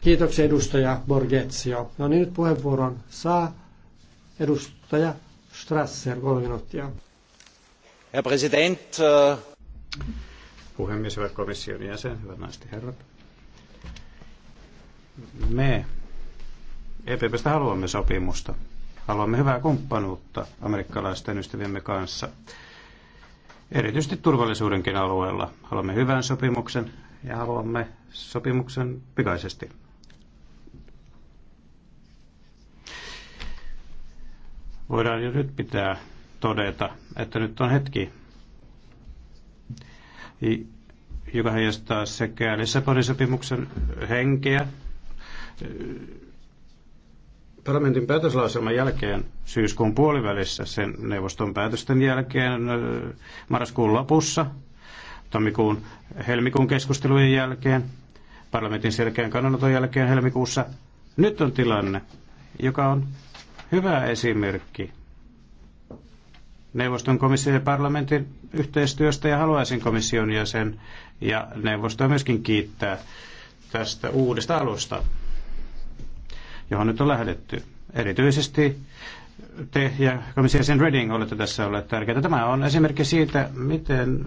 Kiitoksia edustaja Borgetsio. No niin, nyt puheenvuoron saa edustaja Strasser, kolme minuuttia. Herr Präsident. Äh, puhemies, hyvät komission jäsen, hyvät naiset herrat. Me EPPstä haluamme sopimusta. Haluamme hyvää kumppanuutta amerikkalaisten ystäviemme kanssa, erityisesti turvallisuudenkin alueella. Haluamme hyvän sopimuksen ja haluamme sopimuksen pikaisesti. Voidaan jo nyt pitää todeta, että nyt on hetki, joka heijastaa sekä Lissabonin sopimuksen henkeä, parlamentin päätöslauselman jälkeen syyskuun puolivälissä, sen neuvoston päätösten jälkeen marraskuun lopussa, tammikuun helmikuun keskustelujen jälkeen, parlamentin selkeän kannanoton jälkeen helmikuussa. Nyt on tilanne, joka on hyvä esimerkki neuvoston komission ja parlamentin yhteistyöstä ja haluaisin komission jäsen ja neuvostoa myöskin kiittää tästä uudesta alusta johon nyt on lähdetty. Erityisesti te ja komissio sen Reading olette tässä olleet tärkeitä. Tämä on esimerkki siitä, miten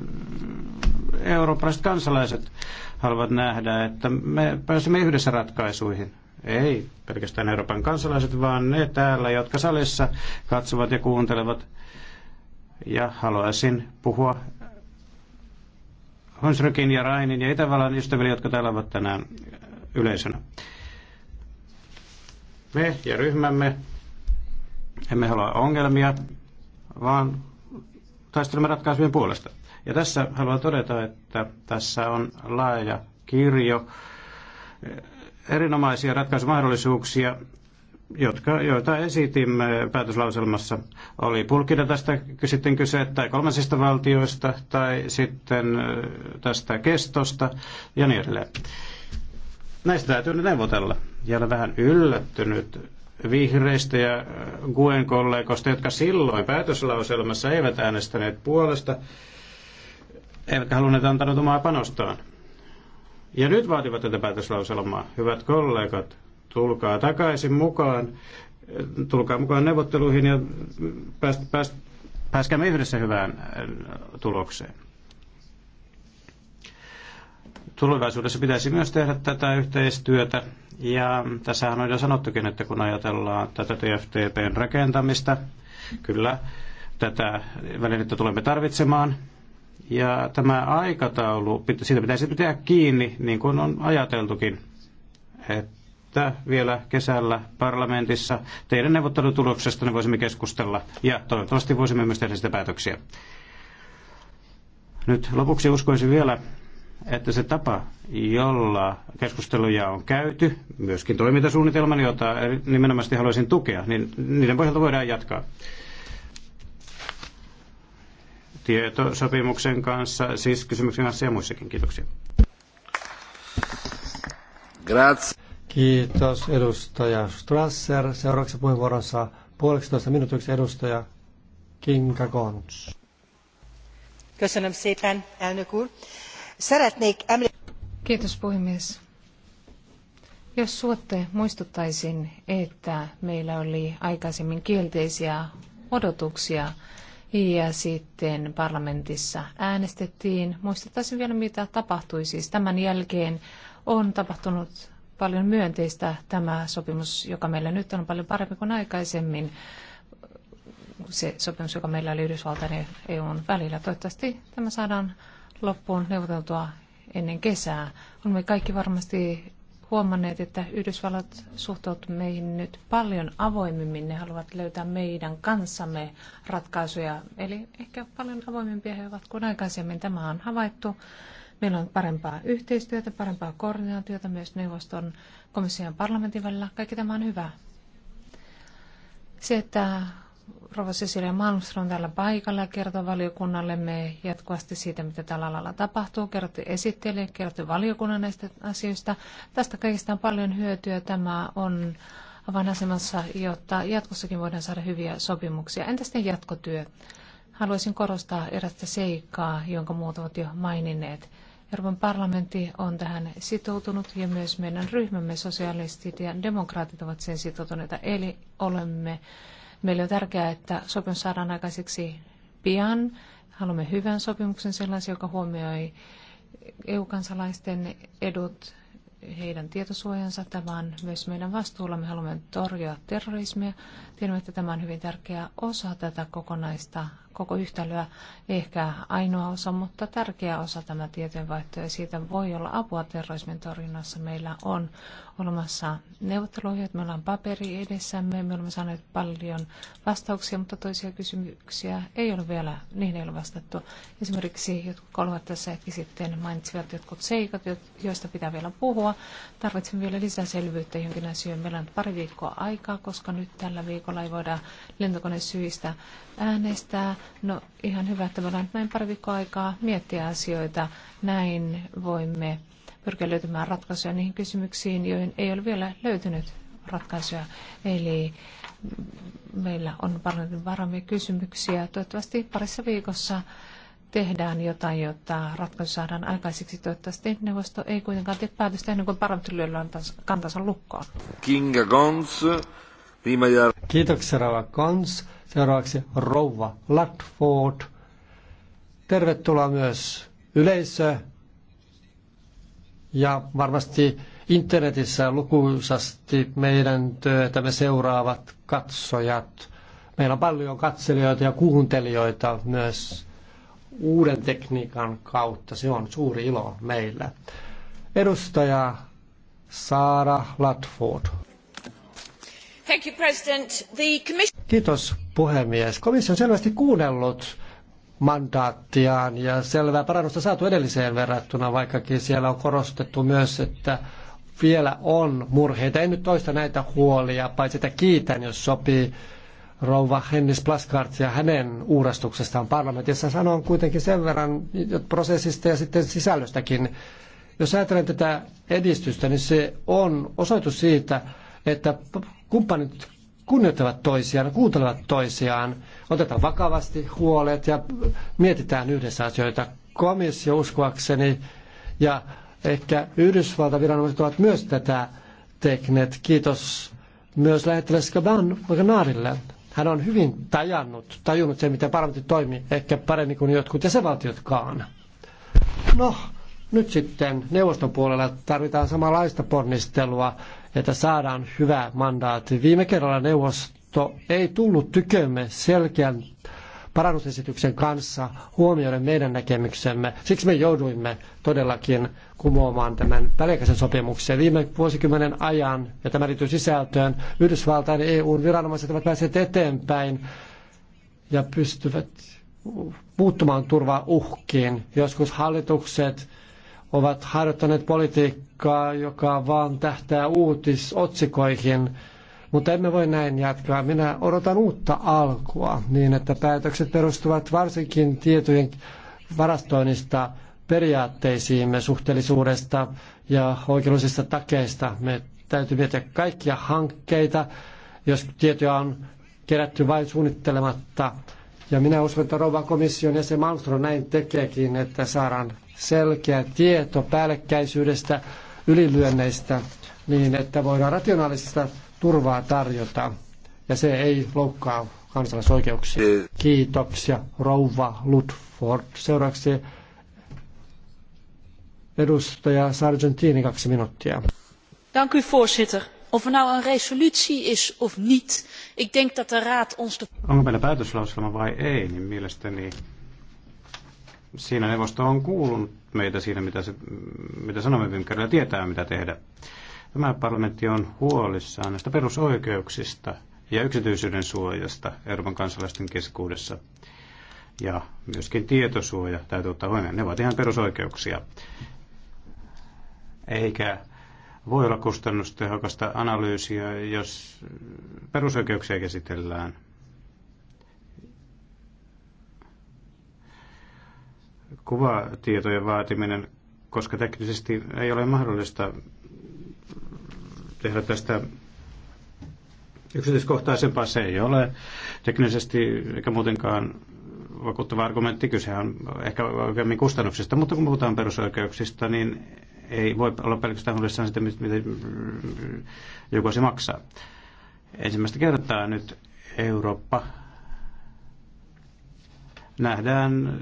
eurooppalaiset kansalaiset haluavat nähdä, että me pääsemme yhdessä ratkaisuihin. Ei pelkästään Euroopan kansalaiset, vaan ne täällä, jotka salissa katsovat ja kuuntelevat. Ja haluaisin puhua Hunsrykin ja Rainin ja Itävallan ystäville, jotka täällä ovat tänään yleisönä. Me ja ryhmämme emme halua ongelmia, vaan taistelemme ratkaisujen puolesta. Ja tässä haluan todeta, että tässä on laaja kirjo eh, erinomaisia ratkaisumahdollisuuksia, jotka, joita esitimme päätöslauselmassa. Oli tästä sitten kyse tai kolmansista valtioista tai sitten eh, tästä kestosta ja niin edelleen. Näistä täytyy neuvotella vielä vähän yllättynyt vihreistä ja äh, Guen kollegoista, jotka silloin päätöslauselmassa eivät äänestäneet puolesta, eivätkä halunneet antanut omaa panostaan. Ja nyt vaativat tätä päätöslauselmaa. Hyvät kollegat, tulkaa takaisin mukaan, tulkaa mukaan neuvotteluihin ja pääst, pääst, pääskäämme yhdessä hyvään äh, tulokseen. Tulevaisuudessa pitäisi myös tehdä tätä yhteistyötä ja tässähän on jo sanottukin, että kun ajatellaan tätä TFTPn rakentamista, kyllä tätä välinettä tulemme tarvitsemaan. Ja tämä aikataulu, siitä pitäisi pitää kiinni, niin kuin on ajateltukin, että vielä kesällä parlamentissa teidän neuvottelutuloksesta ne voisimme keskustella ja toivottavasti voisimme myös tehdä sitä päätöksiä. Nyt lopuksi uskoisin vielä, että se tapa, jolla keskusteluja on käyty, myöskin toimintasuunnitelman, jota nimenomaan haluaisin tukea, niin niiden pohjalta voidaan jatkaa tietosopimuksen kanssa, siis kysymyksen kanssa ja muissakin. Kiitoksia. Grazie. Kiitos edustaja Strasser. Seuraavaksi puheenvuorossa puoleksitoista minuutiksi edustaja Kinga Gons. Köszönöm szépen, elnök úr. Szeretnék eml- Kiitos puhemies. Jos suotte, muistuttaisin, että meillä oli aikaisemmin kielteisiä odotuksia ja sitten parlamentissa äänestettiin. Muistuttaisin vielä, mitä tapahtui. Siis tämän jälkeen on tapahtunut paljon myönteistä tämä sopimus, joka meillä nyt on paljon parempi kuin aikaisemmin. Se sopimus, joka meillä oli Yhdysvaltain ja EUn välillä. Toivottavasti tämä saadaan loppuun neuvoteltua ennen kesää. Olemme kaikki varmasti huomanneet, että Yhdysvallat suhtautuu meihin nyt paljon avoimemmin. Ne haluavat löytää meidän kanssamme ratkaisuja. Eli ehkä paljon avoimempia he ovat kuin aikaisemmin. Tämä on havaittu. Meillä on parempaa yhteistyötä, parempaa koordinaatiota myös neuvoston komission parlamentin välillä. Kaikki tämä on hyvä. Se, että Prof. Cecilia Malmström täällä paikalla ja kertoi valiokunnallemme jatkuvasti siitä, mitä tällä alalla tapahtuu. Kertoi esittelijä, kertoi valiokunnan näistä asioista. Tästä kaikista on paljon hyötyä. Tämä on avainasemassa, jotta jatkossakin voidaan saada hyviä sopimuksia. Entä sitten jatkotyö? Haluaisin korostaa erästä seikkaa, jonka muut ovat jo maininneet. Euroopan parlamentti on tähän sitoutunut ja myös meidän ryhmämme sosialistit ja demokraatit ovat sen sitoutuneita, eli olemme Meille on tärkeää, että sopimus saadaan aikaiseksi pian. Haluamme hyvän sopimuksen sellaisen, joka huomioi EU-kansalaisten edut, heidän tietosuojansa. Tämä on myös meidän vastuulla. Me haluamme torjua terrorismia. Tiedämme, että tämä on hyvin tärkeä osa tätä kokonaista koko yhtälöä ehkä ainoa osa, mutta tärkeä osa tämä tietojenvaihto ja siitä voi olla apua terrorismin torjunnassa. Meillä on olemassa neuvotteluohjeet, meillä on paperi edessämme, me olemme saaneet paljon vastauksia, mutta toisia kysymyksiä ei ole vielä, niihin ei ole vastattu. Esimerkiksi jotkut kolmat tässä hetki sitten mainitsivat jotkut seikat, joista pitää vielä puhua. Tarvitsemme vielä lisää selvyyttä jonkin asioihin. Meillä on pari viikkoa aikaa, koska nyt tällä viikolla ei voida syistä äänestää. No ihan hyvä, että meillä on näin pari viikkoa aikaa miettiä asioita. Näin voimme pyrkiä löytämään ratkaisuja niihin kysymyksiin, joihin ei ole vielä löytynyt ratkaisuja. Eli meillä on paljon varamia kysymyksiä. Toivottavasti parissa viikossa tehdään jotain, jotta ratkaisu saadaan aikaiseksi. Toivottavasti neuvosto ei kuitenkaan tee päätöstä ennen kuin parlamentti lyödään kantansa lukkoon. Kinga Gons. Viime Kiitoksia Rava Kans. Seuraavaksi Rouva Latford. Tervetuloa myös yleisö. Ja varmasti internetissä lukuisasti meidän työtämme seuraavat katsojat. Meillä on paljon katselijoita ja kuuntelijoita myös uuden tekniikan kautta. Se on suuri ilo meillä. Edustaja Saara Latford. Kiitos puhemies. Komissio on selvästi kuunnellut mandaattiaan ja selvää parannusta saatu edelliseen verrattuna, vaikkakin siellä on korostettu myös, että vielä on murheita. En nyt toista näitä huolia, paitsi että kiitän, jos sopii rouva Hennis Plaskart ja hänen uurastuksestaan parlamentissa. Sanon kuitenkin sen verran prosessista ja sitten sisällöstäkin. Jos ajatellaan tätä edistystä, niin se on osoitus siitä, että kumppanit kunnioittavat toisiaan, kuuntelevat toisiaan, otetaan vakavasti huolet ja mietitään yhdessä asioita. Komissio uskoakseni ja ehkä Yhdysvaltain viranomaiset ovat myös tätä tehneet. Kiitos myös lähettiläs Ganaarille. Hän on hyvin tajannut, tajunnut sen, miten parlamentti toimii, ehkä paremmin kuin jotkut jäsenvaltiotkaan. No, nyt sitten neuvoston puolella tarvitaan samanlaista ponnistelua että saadaan hyvä mandaatti. Viime kerralla neuvosto ei tullut tykömme selkeän parannusesityksen kanssa huomioiden meidän näkemyksemme. Siksi me jouduimme todellakin kumoamaan tämän väliaikaisen sopimuksen viime vuosikymmenen ajan, ja tämä liittyy sisältöön. Yhdysvaltain ja EUn viranomaiset ovat päässeet eteenpäin ja pystyvät muuttumaan turvauhkiin. Joskus hallitukset ovat harjoittaneet politiikkaa, joka vaan tähtää uutisotsikoihin, mutta emme voi näin jatkaa. Minä odotan uutta alkua niin, että päätökset perustuvat varsinkin tietojen varastoinnista periaatteisiimme suhteellisuudesta ja oikeudellisista takeista. Me täytyy miettiä kaikkia hankkeita, jos tietoja on kerätty vain suunnittelematta. Ja minä uskon, että rouva komission jäsen Malmström näin tekeekin, että saadaan selkeä tieto päällekkäisyydestä, ylilyönneistä, niin että voidaan rationaalista turvaa tarjota. Ja se ei loukkaa kansalaisoikeuksia. Kiitoksia, rouva Ludford. Seuraavaksi edustaja Sargentini kaksi minuuttia. Dank u, voorzitter. Of er nou een resolutie is of niet, ik denk dat de raad ons de... Onko meillä päätöslauselma vai ei, niin mielestäni siinä neuvosto on kuulunut meitä siinä, mitä, se, mitä sanomme viime kerralla tietää, mitä tehdä. Tämä parlamentti on huolissaan näistä perusoikeuksista ja yksityisyyden suojasta Euroopan kansalaisten keskuudessa. Ja myöskin tietosuoja täytyy ottaa huomioon. Ne ovat ihan perusoikeuksia. Eikä voi olla kustannustehokasta analyysiä, jos perusoikeuksia käsitellään kuvatietojen vaatiminen, koska teknisesti ei ole mahdollista tehdä tästä yksityiskohtaisempaa. Se ei ole teknisesti eikä muutenkaan vakuuttava argumentti. Kysehän ehkä oikeammin kustannuksista, mutta kun puhutaan perusoikeuksista, niin ei voi olla pelkästään huolissaan sitä, mitä joku se maksaa. Ensimmäistä kertaa nyt Eurooppa nähdään äh,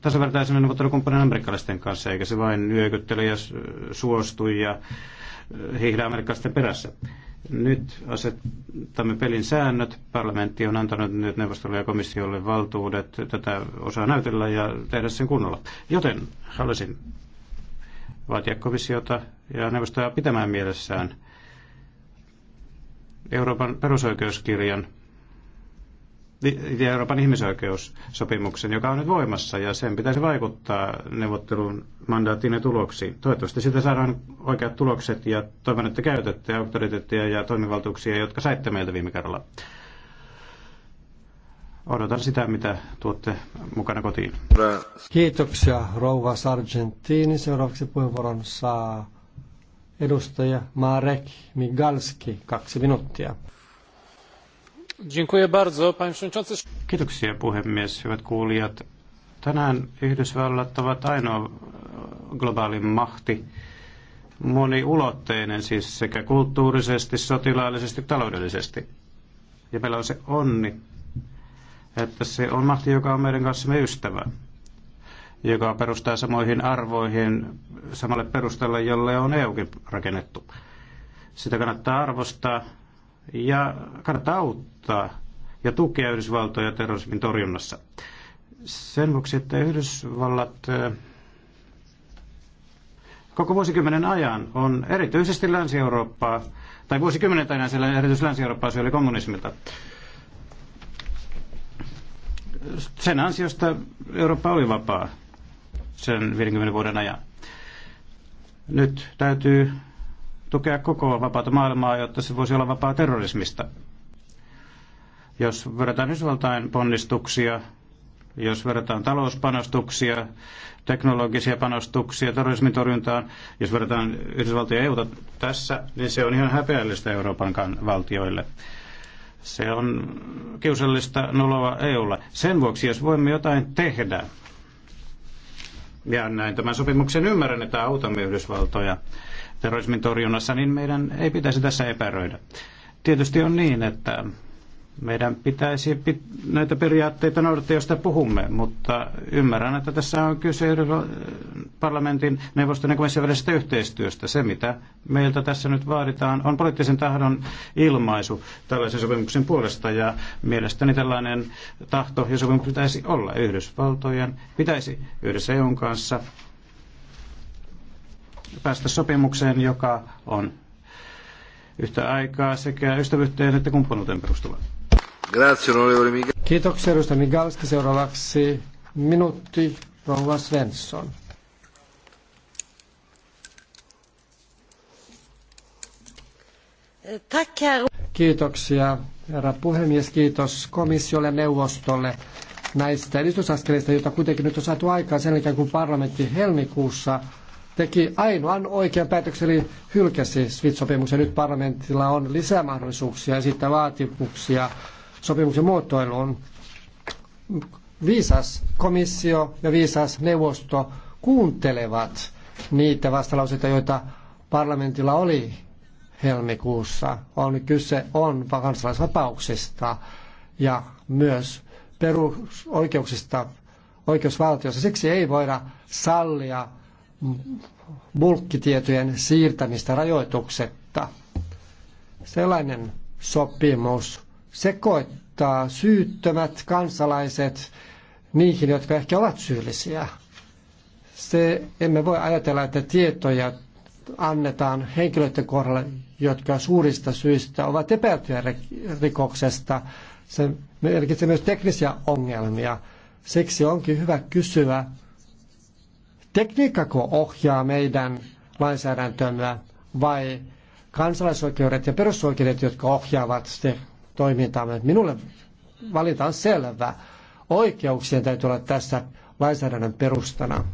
tasavertaisena neuvottelukumppanin amerikkalaisten kanssa, eikä se vain nyökyttele ja suostu ja äh, hiihdä amerikkalaisten perässä. Nyt asettamme pelin säännöt. Parlamentti on antanut nyt neuvostolle ja komissiolle valtuudet tätä osaa näytellä ja tehdä sen kunnolla. Joten haluaisin vaatia komissiota ja neuvostoa pitämään mielessään Euroopan perusoikeuskirjan ja Euroopan ihmisoikeussopimuksen, joka on nyt voimassa, ja sen pitäisi vaikuttaa neuvottelun mandaattiin ja tuloksiin. Toivottavasti sitä saadaan oikeat tulokset, ja toivon, että käytätte auktoriteettia ja toimivaltuuksia, jotka saitte meiltä viime kerralla. Odotan sitä, mitä tuotte mukana kotiin. Kiitoksia, rouva Sargentini. Seuraavaksi puheenvuoron saa edustaja Marek Migalski, kaksi minuuttia. Kiitoksia puhemies, hyvät kuulijat. Tänään Yhdysvallat ovat ainoa globaali mahti, moniulotteinen siis sekä kulttuurisesti, sotilaallisesti, taloudellisesti. Ja meillä on se onni, että se on mahti, joka on meidän kanssamme ystävä, joka perustaa samoihin arvoihin, samalle perustalle, jolle on EUkin rakennettu. Sitä kannattaa arvostaa ja kannattaa auttaa ja tukea Yhdysvaltoja terrorismin torjunnassa. Sen vuoksi, että Yhdysvallat eh, koko vuosikymmenen ajan on erityisesti Länsi-Eurooppaa, tai vuosikymmenen ajan siellä erityisesti Länsi-Eurooppaa syöli kommunismilta. Sen ansiosta Eurooppa oli vapaa sen 50 vuoden ajan. Nyt täytyy tukea koko vapaata maailmaa, jotta se voisi olla vapaa terrorismista. Jos verrataan Yhdysvaltain ponnistuksia, jos verrataan talouspanostuksia, teknologisia panostuksia terrorismin torjuntaan, jos verrataan Yhdysvaltojen EUta tässä, niin se on ihan häpeällistä Euroopan valtioille. Se on kiusallista noloa EUlla. Sen vuoksi, jos voimme jotain tehdä, ja näin tämän sopimuksen ymmärrän, että autamme Yhdysvaltoja terrorismin torjunnassa, niin meidän ei pitäisi tässä epäröidä. Tietysti on niin, että meidän pitäisi näitä periaatteita noudattaa, joista puhumme, mutta ymmärrän, että tässä on kyse äh, parlamentin, neuvoston ja komission välisestä yhteistyöstä. Se, mitä meiltä tässä nyt vaaditaan, on poliittisen tahdon ilmaisu tällaisen sopimuksen puolesta, ja mielestäni tällainen tahto ja sopimus pitäisi olla Yhdysvaltojen, pitäisi yhdessä EUn kanssa päästä sopimukseen, joka on yhtä aikaa sekä ystävyyteen että kumppanuuteen perustuva. Kiitoksia edustaja Migalski. Seuraavaksi minuutti rouva Svensson. Kiitoksia herra puhemies. Kiitos komissiolle ja neuvostolle näistä edistysaskeleista, joita kuitenkin nyt on saatu aikaan sen jälkeen, kun parlamentti helmikuussa teki ainoan oikean päätöksen, eli hylkäsi SWIFT-sopimuksen. Nyt parlamentilla on lisää mahdollisuuksia esittää vaatimuksia sopimuksen muotoiluun. Viisas komissio ja viisas neuvosto kuuntelevat niitä vastalauseita, joita parlamentilla oli helmikuussa. On kyse on kansalaisvapauksista ja myös perusoikeuksista oikeusvaltiossa. Siksi ei voida sallia bulkkitietojen siirtämistä rajoituksetta. Sellainen sopimus sekoittaa syyttömät kansalaiset niihin, jotka ehkä ovat syyllisiä. Se, emme voi ajatella, että tietoja annetaan henkilöiden kohdalla, jotka suurista syistä ovat epäiltyjä rikoksesta. Se merkitsee myös teknisiä ongelmia. Siksi onkin hyvä kysyä, Tekniikkako ohjaa meidän lainsäädäntömme vai kansalaisoikeudet ja perusoikeudet, jotka ohjaavat sitä toimintaamme? Minulle valinta on selvä. Oikeuksien täytyy olla tässä lainsäädännön perustana.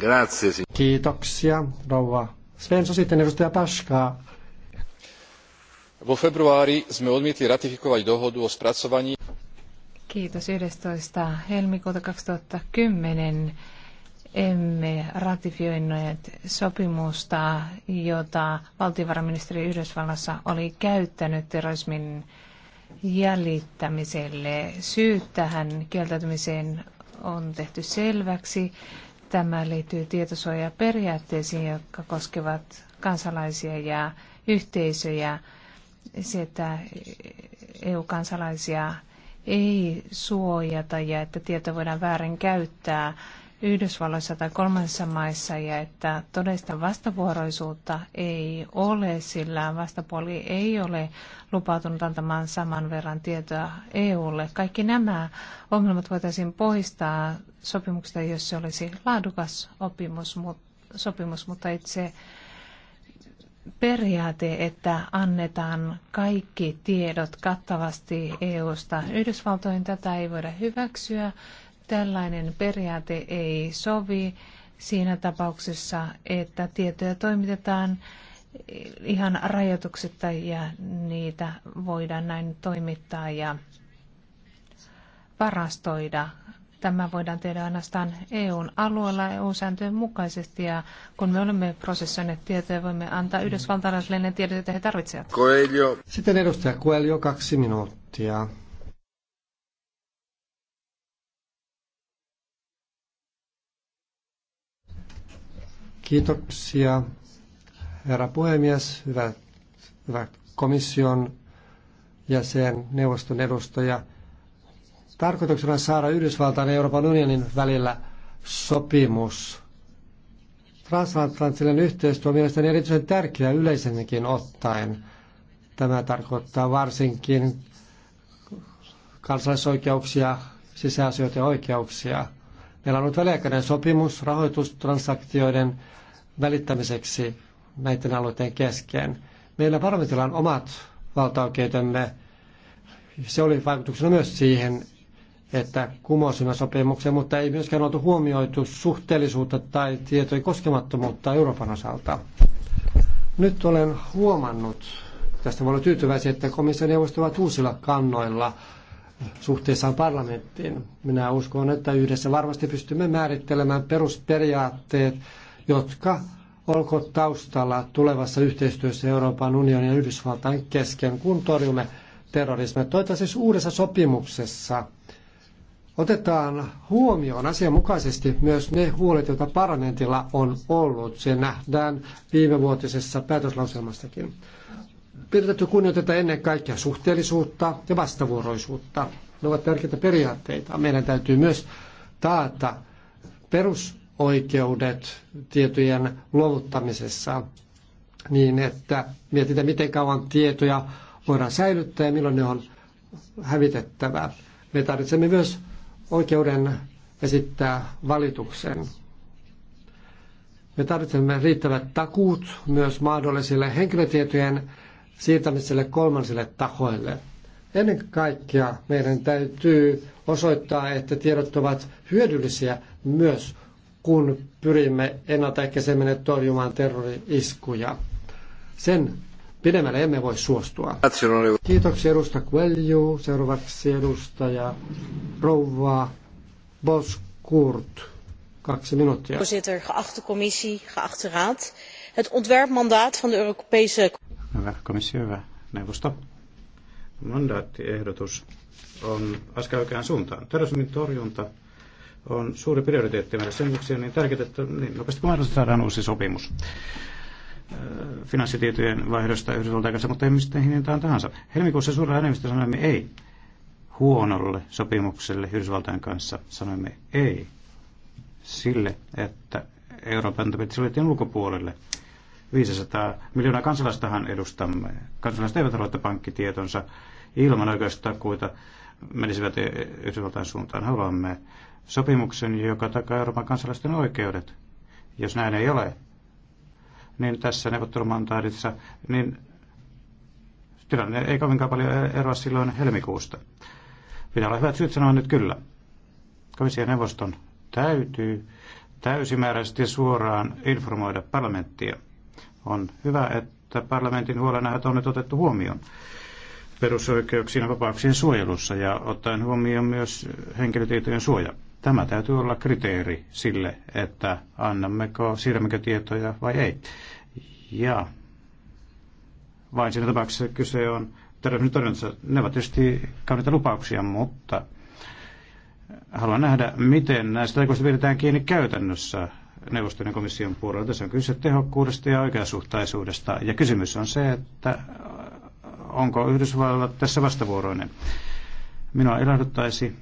Grazie. Kiitoksia, rouva Svensson. Sitten edustaja Paskaa. Vo februari sme odmietli ratifikovať dohodu o spracovaní. Kiitos 11. helmikuuta 2010 emme ratifioineet sopimusta, jota valtiovarainministeri Yhdysvallassa oli käyttänyt terrorismin jäljittämiselle. Syyt tähän kieltäytymiseen on tehty selväksi. Tämä liittyy tietosuojaperiaatteisiin, jotka koskevat kansalaisia ja yhteisöjä. Se, että EU-kansalaisia ei suojata ja että tietoa voidaan väärin käyttää Yhdysvalloissa tai kolmansissa maissa ja että todellista vastavuoroisuutta ei ole, sillä vastapuoli ei ole lupautunut antamaan saman verran tietoa EUlle. Kaikki nämä ongelmat voitaisiin poistaa sopimuksesta, jos se olisi laadukas opimus, sopimus, mutta itse periaate, että annetaan kaikki tiedot kattavasti EUsta Yhdysvaltoihin, tätä ei voida hyväksyä tällainen periaate ei sovi siinä tapauksessa, että tietoja toimitetaan ihan rajoituksetta ja niitä voidaan näin toimittaa ja varastoida. Tämä voidaan tehdä ainoastaan EUn alueella EU-sääntöjen mukaisesti ja kun me olemme prosessoineet tietoja, voimme antaa yhdysvaltalaisille ne tiedot, joita he tarvitsevat. Coelho. Sitten edustaja Coelho, kaksi minuuttia. Kiitoksia, herra puhemies, hyvä, hyvä komission jäsen, neuvoston edustaja. Tarkoituksena saada Yhdysvaltain ja Euroopan unionin välillä sopimus. Transatlanttinen yhteistyö on mielestäni erityisen tärkeää yleisemminkin ottaen. Tämä tarkoittaa varsinkin kansalaisoikeuksia, sisäasioita ja oikeuksia. Meillä on ollut väliaikainen sopimus rahoitustransaktioiden välittämiseksi näiden alueiden kesken. Meillä parlamentilla on omat valtaoikeutemme. Se oli vaikutuksena myös siihen, että kumosimme sopimuksen, mutta ei myöskään oltu huomioitu suhteellisuutta tai tietojen koskemattomuutta Euroopan osalta. Nyt olen huomannut, tästä voi olla tyytyväisiä, että komission neuvosto ovat uusilla kannoilla suhteessaan parlamenttiin. Minä uskon, että yhdessä varmasti pystymme määrittelemään perusperiaatteet, jotka olko taustalla tulevassa yhteistyössä Euroopan unionin ja Yhdysvaltain kesken, kun torjumme terrorismia. Toivottavasti siis uudessa sopimuksessa otetaan huomioon asianmukaisesti myös ne huolet, joita parlamentilla on ollut. Se nähdään viimevuotisessa päätöslauselmastakin. Yritetty kunnioitetaan ennen kaikkea suhteellisuutta ja vastavuoroisuutta. Ne ovat tärkeitä periaatteita. Meidän täytyy myös taata perusoikeudet tietojen luovuttamisessa niin, että mietitään, miten kauan tietoja voidaan säilyttää ja milloin ne on hävitettävä. Me tarvitsemme myös oikeuden esittää valituksen. Me tarvitsemme riittävät takuut myös mahdollisille henkilötietojen siirtämiselle kolmansille tahoille. Ennen kaikkea meidän täytyy osoittaa, että tiedot ovat hyödyllisiä myös, kun pyrimme ennaltaehkäisemmin torjumaan terrori-iskuja. Sen pidemmälle emme voi suostua. Kiitoksia edusta Quelju. Seuraavaksi edustaja Rouva Boskurt. Kaksi minuuttia. Voorzitter, geachte commissie, geachte raad. Het ontwerpmandaat van de Europese Hyvä komissio, hyvä neuvosto. Mandaattiehdotus on askel oikeaan suuntaan. Terrorismin torjunta on suuri prioriteetti meille. Sen vuoksi niin tärkeää, että niin nopeasti kuin mahdollista saadaan uusi sopimus äh, finanssitietojen vaihdosta Yhdysvaltain kanssa, mutta ei mistä hinnintaan tahansa. Helmikuussa suurella enemmistö sanoimme ei huonolle sopimukselle Yhdysvaltain kanssa. Sanoimme ei sille, että Euroopan tarvitsi ulkopuolelle 500 miljoonaa kansalaistahan edustamme. Kansalaiset eivät halua, että pankkitietonsa ilman oikeustakuita menisivät e- Yhdysvaltain suuntaan. Haluamme sopimuksen, joka takaa Euroopan kansalaisten oikeudet. Jos näin ei ole, niin tässä neuvottelumantaadissa, niin tilanne ei kovinkaan paljon eroa silloin helmikuusta. Pitää olla hyvät syyt sanoa nyt kyllä. Komission neuvoston täytyy täysimääräisesti suoraan informoida parlamenttia on hyvä, että parlamentin huolenaiheet on nyt otettu huomioon perusoikeuksien ja vapauksien suojelussa ja ottaen huomioon myös henkilötietojen suoja. Tämä täytyy olla kriteeri sille, että annammeko, siirrämmekö tietoja vai ei. Ja vain siinä tapauksessa kyse on terrorismin torjunnassa. Ne ovat tietysti kauniita lupauksia, mutta haluan nähdä, miten näistä aikoista pidetään kiinni käytännössä neuvoston ja komission puolella. Tässä on kyse tehokkuudesta ja oikeasuhtaisuudesta. Ja kysymys on se, että äh, onko Yhdysvallat tässä vastavuoroinen. Minua ilahduttaisi,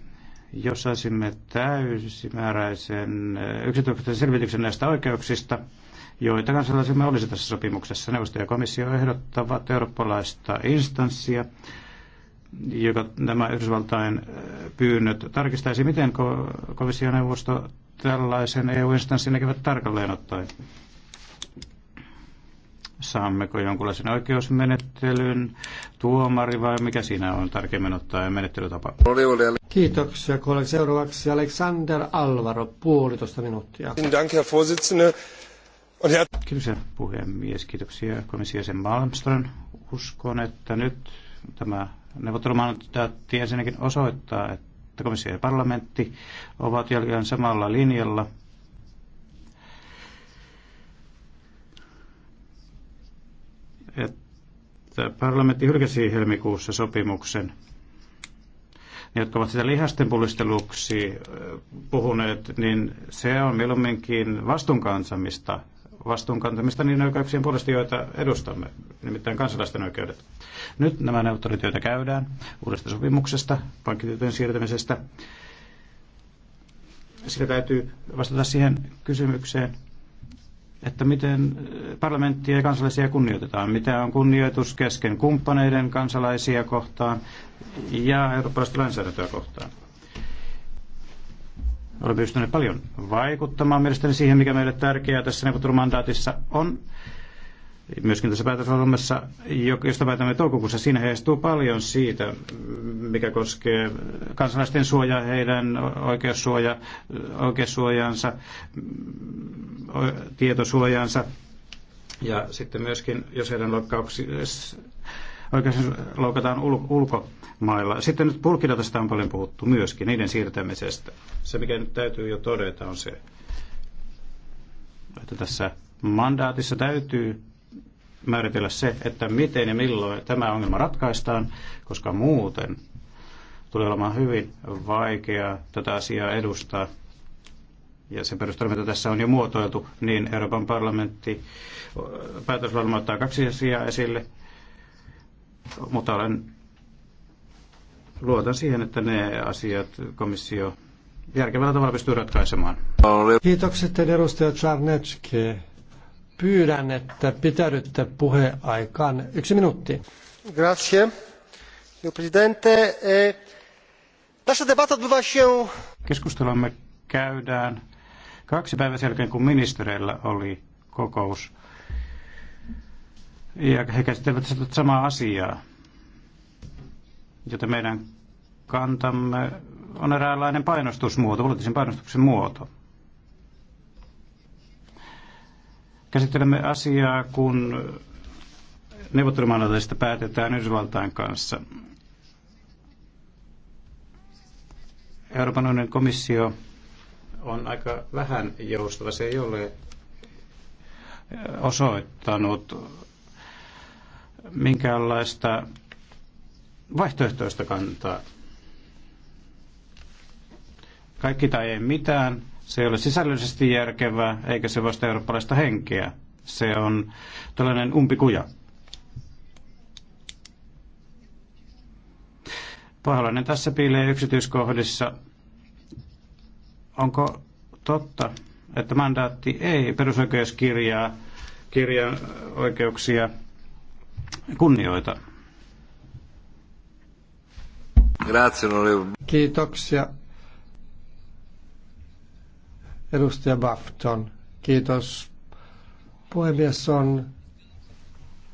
jos saisimme täysimääräisen äh, yksityisen selvityksen näistä oikeuksista, joita kansalaisemme olisi tässä sopimuksessa. Neuvosto ja komissio ehdottavat eurooppalaista instanssia, nämä Yhdysvaltain äh, pyynnöt tarkistaisi, miten komissioneuvosto tällaisen EU-instanssin näkevät tarkalleen ottaen. Saammeko jonkunlaisen oikeusmenettelyn, tuomari vai mikä siinä on tarkemmin ottaen menettelytapa? Kiitoksia kollega. Seuraavaksi Alexander Alvaro, puolitoista minuuttia. Kiitoksia puhemies, kiitoksia komission Malmström. Uskon, että nyt tämä Neuvottelumandaatti ensinnäkin osoittaa, että komissio ja parlamentti ovat jälkeen samalla linjalla että parlamentti hylkäsi helmikuussa sopimuksen. Ne, jotka ovat sitä lihastenpullisteluksi puhuneet, niin se on mieluumminkin vastuunkansamista vastuunkantamista niin oikeuksien puolesta, joita edustamme, nimittäin kansalaisten oikeudet. Nyt nämä neuvottelut, joita käydään uudesta sopimuksesta, pankkitietojen siirtämisestä, sillä täytyy vastata siihen kysymykseen, että miten parlamenttia ja kansalaisia kunnioitetaan, mitä on kunnioitus kesken kumppaneiden kansalaisia kohtaan ja eurooppalaista lainsäädäntöä kohtaan. Olemme pystyneet paljon vaikuttamaan mielestäni siihen, mikä meille tärkeää tässä neuvottelumandaatissa on. Myöskin tässä päätösohjelmassa, josta päätämme toukokuussa, siinä heistuu paljon siitä, mikä koskee kansalaisten suojaa, heidän oikeussuoja, oikeussuojaansa, tietosuojaansa ja sitten myöskin, jos heidän loukkauksia oikeastaan loukataan ul- ulkomailla. Sitten nyt pulkidatosta on paljon puhuttu myöskin, niiden siirtämisestä. Se, mikä nyt täytyy jo todeta, on se, että tässä mandaatissa täytyy määritellä se, että miten ja milloin tämä ongelma ratkaistaan, koska muuten tulee olemaan hyvin vaikea tätä asiaa edustaa. Ja sen perusteella, mitä tässä on jo muotoiltu, niin Euroopan parlamentti päätösvalma ottaa kaksi asiaa esille mutta olen, luotan siihen, että ne asiat komissio järkevällä tavalla pystyy ratkaisemaan. Kiitokset edustaja Czarnecki. Pyydän, että pitäydytte puheaikaan. Yksi minuutti. Grazie. Presidente, e, Tässä debatta odbywa się... Keskustelumme käydään kaksi päivää sen jälkeen, kun ministereillä oli kokous ja he käsittelevät samaa asiaa. jota meidän kantamme on eräänlainen painostusmuoto, poliittisen painostuksen muoto. Käsittelemme asiaa, kun neuvottelumaanotaisista päätetään Yhdysvaltain kanssa. Euroopan unionin komissio on aika vähän joustava. Se ei ole osoittanut minkäänlaista vaihtoehtoista kantaa. Kaikki tai ei mitään, se ei ole sisällöllisesti järkevää, eikä se vasta eurooppalaista henkeä. Se on tällainen umpikuja. Paholainen tässä piilee yksityiskohdissa. Onko totta, että mandaatti ei perusoikeuskirjaa, kirjan oikeuksia kunnioita. Kiitoksia. Edustaja Bafton, kiitos. Puhemies on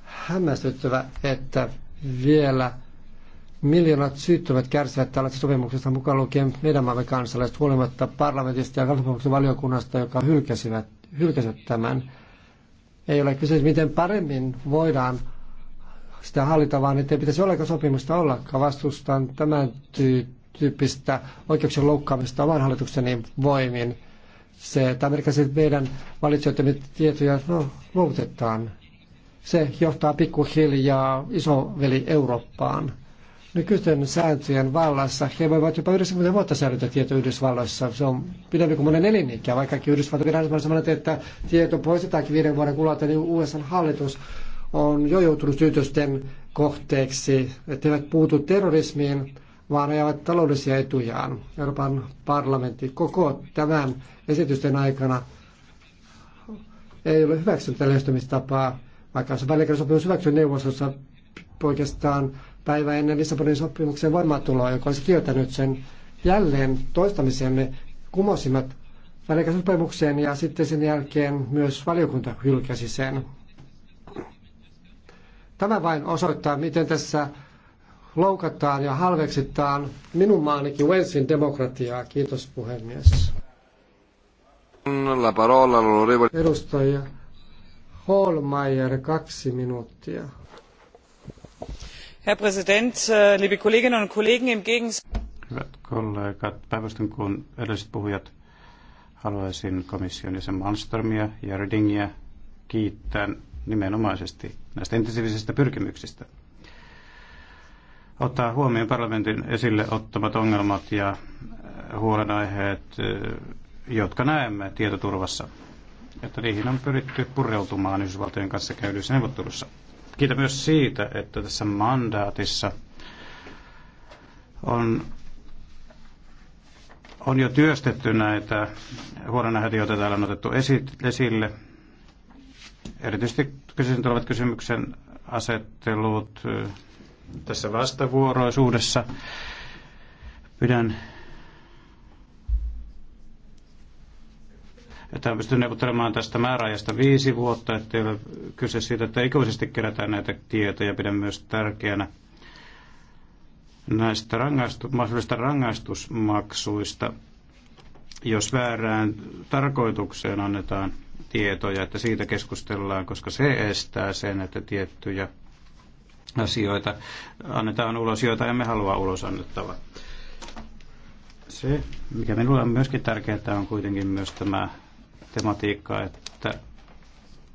hämmästyttävä, että vielä miljoonat syyttömät kärsivät tällaisesta sopimuksesta mukaan lukien meidän maamme kansalaiset huolimatta parlamentista ja kansalaisen valiokunnasta, joka hylkäsivät, hylkäsivät tämän. Ei ole kyse, miten paremmin voidaan sitä hallita, vaan ettei pitäisi ollenkaan sopimusta ollakaan. Vastustan tämän tyyppistä oikeuksien loukkaamista oman hallitukseni voimin. Se, että amerikkalaiset meidän valitsijoitamme tietoja no, luovutetaan. Se johtaa pikkuhiljaa isoveli Eurooppaan. Nykyisten sääntöjen vallassa he voivat jopa 90 vuotta säilyttää tieto Yhdysvalloissa. Se on pidempi kuin monen elinikä, vaikka Yhdysvaltain viranomainen sanoo, että tieto poistetaankin viiden vuoden kuluttua, niin USA hallitus on jo joutunut syytösten kohteeksi, etteivät puutu terrorismiin, vaan ajavat taloudellisia etujaan. Euroopan parlamentti koko tämän esitysten aikana ei ole hyväksynyt lähestymistapaa, vaikka se sopimus hyväksyi neuvostossa oikeastaan päivä ennen Lissabonin sopimuksen voimaantuloa, joka olisi kieltänyt sen jälleen toistamisemme kumosimme välikäsopimuksen ja sitten sen jälkeen myös valiokunta hylkäsi sen. Tämä vain osoittaa, miten tässä loukataan ja halveksitaan minun maanikin Wensin demokratiaa. Kiitos puhemies. La parola, Edustaja Holmeier, kaksi minuuttia. Herr Präsident, äh, liebe Kolleginnen und Kollegen, im Gegensatz... Hyvät kollegat, päivästön kun edelliset puhujat haluaisin komission jäsen Malmströmiä ja Redingiä kiittää nimenomaisesti näistä intensiivisistä pyrkimyksistä. Ottaa huomioon parlamentin esille ottamat ongelmat ja äh, huolenaiheet, äh, jotka näemme tietoturvassa, että niihin on pyritty pureutumaan Yhdysvaltojen kanssa käydyissä neuvottelussa. Kiitän myös siitä, että tässä mandaatissa on on jo työstetty näitä huolenaiheita, joita täällä on otettu esille. Erityisesti kysyn tulevat kysymyksen asettelut tässä vastavuoroisuudessa. Pidän että on pystynyt neuvottelemaan tästä määräajasta viisi vuotta, ettei ole kyse siitä, että ikuisesti kerätään näitä tietoja. Pidän myös tärkeänä näistä rangaistu- mahdollisista rangaistusmaksuista, jos väärään tarkoitukseen annetaan – tietoja, että siitä keskustellaan, koska se estää sen, että tiettyjä asioita annetaan ulos, joita emme halua ulos annettava. Se, mikä minulle on myöskin tärkeää, on kuitenkin myös tämä tematiikka, että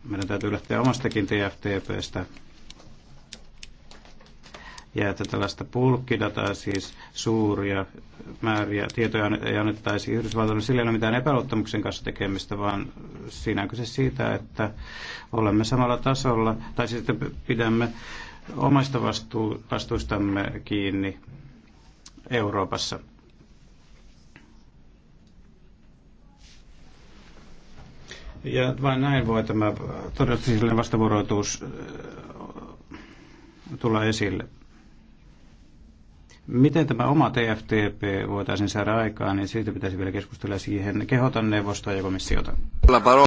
meidän täytyy lähteä omastakin TFTPstä ja että tällaista pulkkidataa, siis suuria määriä tietoja ei annettaisi Yhdysvaltoille. Sillä ei ole mitään epäluottamuksen kanssa tekemistä, vaan siinä on kyse siitä, että olemme samalla tasolla, tai siis että pidämme omasta vastuu, vastuistamme kiinni Euroopassa. Ja vain näin voi tämä todellisuuden vastavuoroisuus äh, tulla esille. Miten tämä oma TFTP voitaisiin saada aikaan, niin siitä pitäisi vielä keskustella siihen. Kehotan neuvostoa ja komissiota.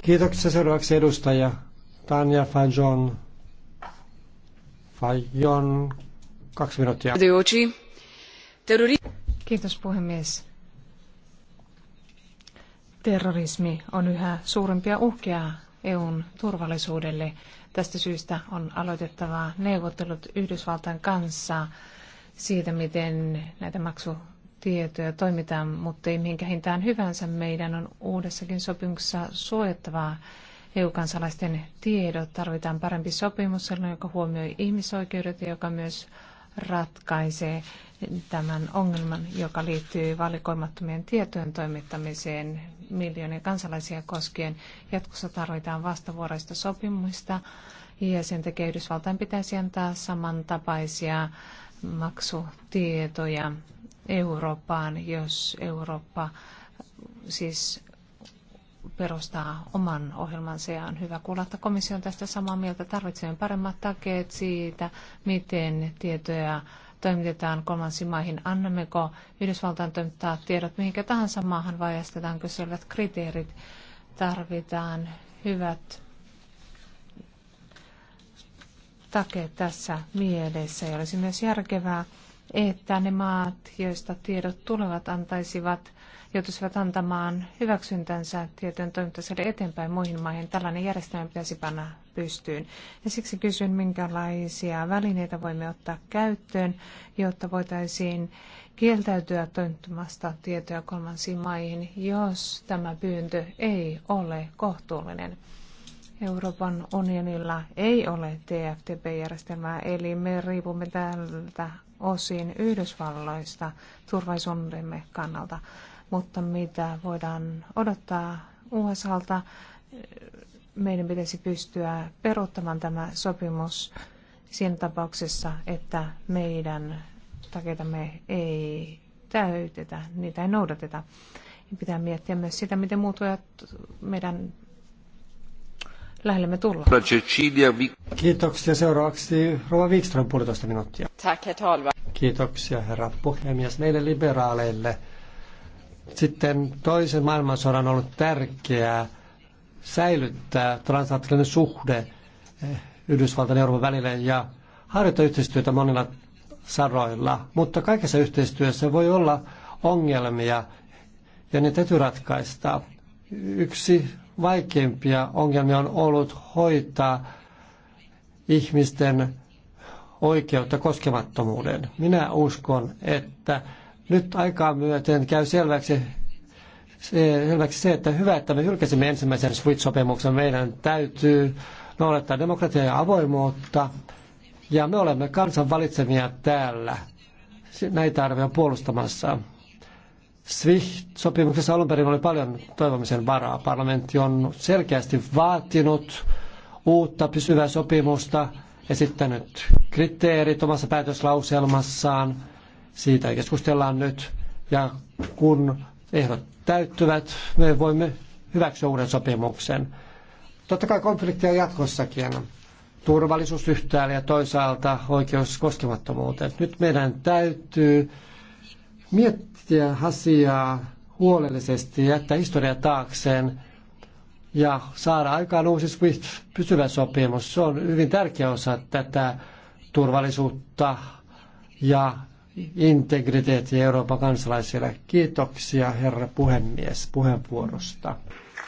Kiitoksia seuraavaksi edustaja Tanja Fajon. Fajon, kaksi minuuttia. Kiitos puhemies. Terrorismi on yhä suurimpia uhkia EUn turvallisuudelle. Tästä syystä on aloitettava neuvottelut Yhdysvaltain kanssa siitä, miten näitä maksutietoja toimitaan, mutta ei mihinkä hintaan hyvänsä. Meidän on uudessakin sopimuksessa suojattavaa EU-kansalaisten tiedot. Tarvitaan parempi sopimus, sellainen, joka huomioi ihmisoikeudet ja joka myös ratkaisee tämän ongelman, joka liittyy valikoimattomien tietojen toimittamiseen miljoonien kansalaisia koskien. Jatkossa tarvitaan vastavuoroista sopimusta ja sen takia Yhdysvaltain pitäisi antaa samantapaisia maksutietoja Eurooppaan, jos Eurooppa siis perustaa oman ohjelmansa ja on hyvä kuulla, että komissio on tästä samaa mieltä. Tarvitsemme paremmat takeet siitä, miten tietoja toimitetaan kolmansiin maihin. Annammeko Yhdysvaltain toimittaa tiedot mihinkä tahansa maahan vai astetaanko selvät kriteerit? Tarvitaan hyvät take tässä mielessä. Ja olisi myös järkevää, että ne maat, joista tiedot tulevat, antaisivat, joutuisivat antamaan hyväksyntänsä tietojen toimintaiselle eteenpäin muihin maihin. Tällainen järjestelmä pitäisi panna pystyyn. Ja siksi kysyn, minkälaisia välineitä voimme ottaa käyttöön, jotta voitaisiin kieltäytyä toimittamasta tietoja kolmansiin maihin, jos tämä pyyntö ei ole kohtuullinen. Euroopan unionilla ei ole TFTP-järjestelmää, eli me riipumme tältä osin Yhdysvalloista turvallisuudemme kannalta. Mutta mitä voidaan odottaa USAlta? Meidän pitäisi pystyä peruuttamaan tämä sopimus siinä tapauksessa, että meidän takeitamme ei täytetä, niitä ei noudateta. Pitää miettiä myös sitä, miten muutujat meidän lähellemme tulla. Kiitoksia. Seuraavaksi Rova Wikström puolitoista minuuttia. Tack, herr Kiitoksia herra puhemies meille liberaaleille. Sitten toisen maailmansodan on ollut tärkeää säilyttää transatlanttinen suhde eh, Yhdysvaltain ja Euroopan välillä ja harjoittaa yhteistyötä monilla saroilla. Mutta kaikessa yhteistyössä voi olla ongelmia ja ne täytyy ratkaista. Yksi vaikeimpia ongelmia on ollut hoitaa ihmisten oikeutta koskemattomuuden. Minä uskon, että nyt aikaa myöten käy selväksi se, selväksi se, että hyvä, että me hylkäsimme ensimmäisen SWIT-sopimuksen. Meidän täytyy noudattaa demokratiaa ja avoimuutta. Ja me olemme kansan valitsemia täällä näitä arvoja puolustamassa. SWIFT-sopimuksessa alun perin oli paljon toivomisen varaa. Parlamentti on selkeästi vaatinut uutta pysyvää sopimusta, esittänyt kriteerit omassa päätöslauselmassaan. Siitä keskustellaan nyt. Ja kun ehdot täyttyvät, me voimme hyväksyä uuden sopimuksen. Totta kai konflikteja jatkossakin. Turvallisuus yhtäällä ja toisaalta oikeus koskemattomuuteen. Nyt meidän täytyy miettiä asiaa huolellisesti, jättää historia taakseen ja saada aikaan uusi SWIFT pysyvä sopimus. Se on hyvin tärkeä osa tätä turvallisuutta ja integriteettiä Euroopan kansalaisille. Kiitoksia herra puhemies puheenvuorosta.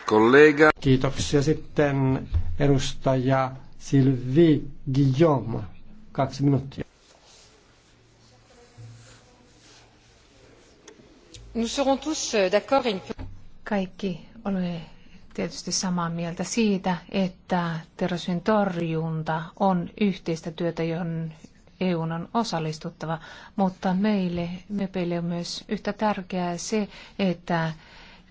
Kollega. Kiitoksia sitten edustaja Sylvie Guillaume. Kaksi minuuttia. Euh, Kaikki olemme tietysti samaa mieltä siitä, että terrorismin torjunta on yhteistä työtä, johon EU on osallistuttava, mutta meille, mepeille on myös yhtä tärkeää se, että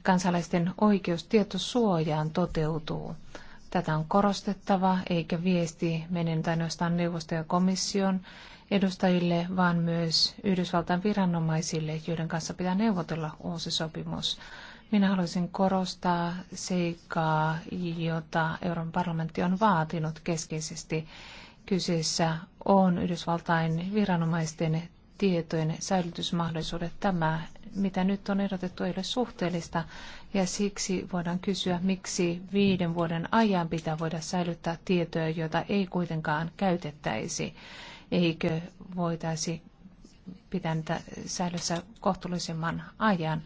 kansalaisten oikeus tietosuojaan toteutuu. Tätä on korostettava, eikä viesti mene ainoastaan neuvosto ja komission edustajille, vaan myös Yhdysvaltain viranomaisille, joiden kanssa pitää neuvotella uusi sopimus. Minä haluaisin korostaa seikkaa, jota Euroopan parlamentti on vaatinut keskeisesti. Kyseessä on Yhdysvaltain viranomaisten tietojen säilytysmahdollisuudet. Tämä, mitä nyt on ehdotettu, ei ole suhteellista, ja siksi voidaan kysyä, miksi viiden vuoden ajan pitää voida säilyttää tietoja, joita ei kuitenkaan käytettäisi eikö voitaisi pitää niitä säilössä kohtuullisimman ajan.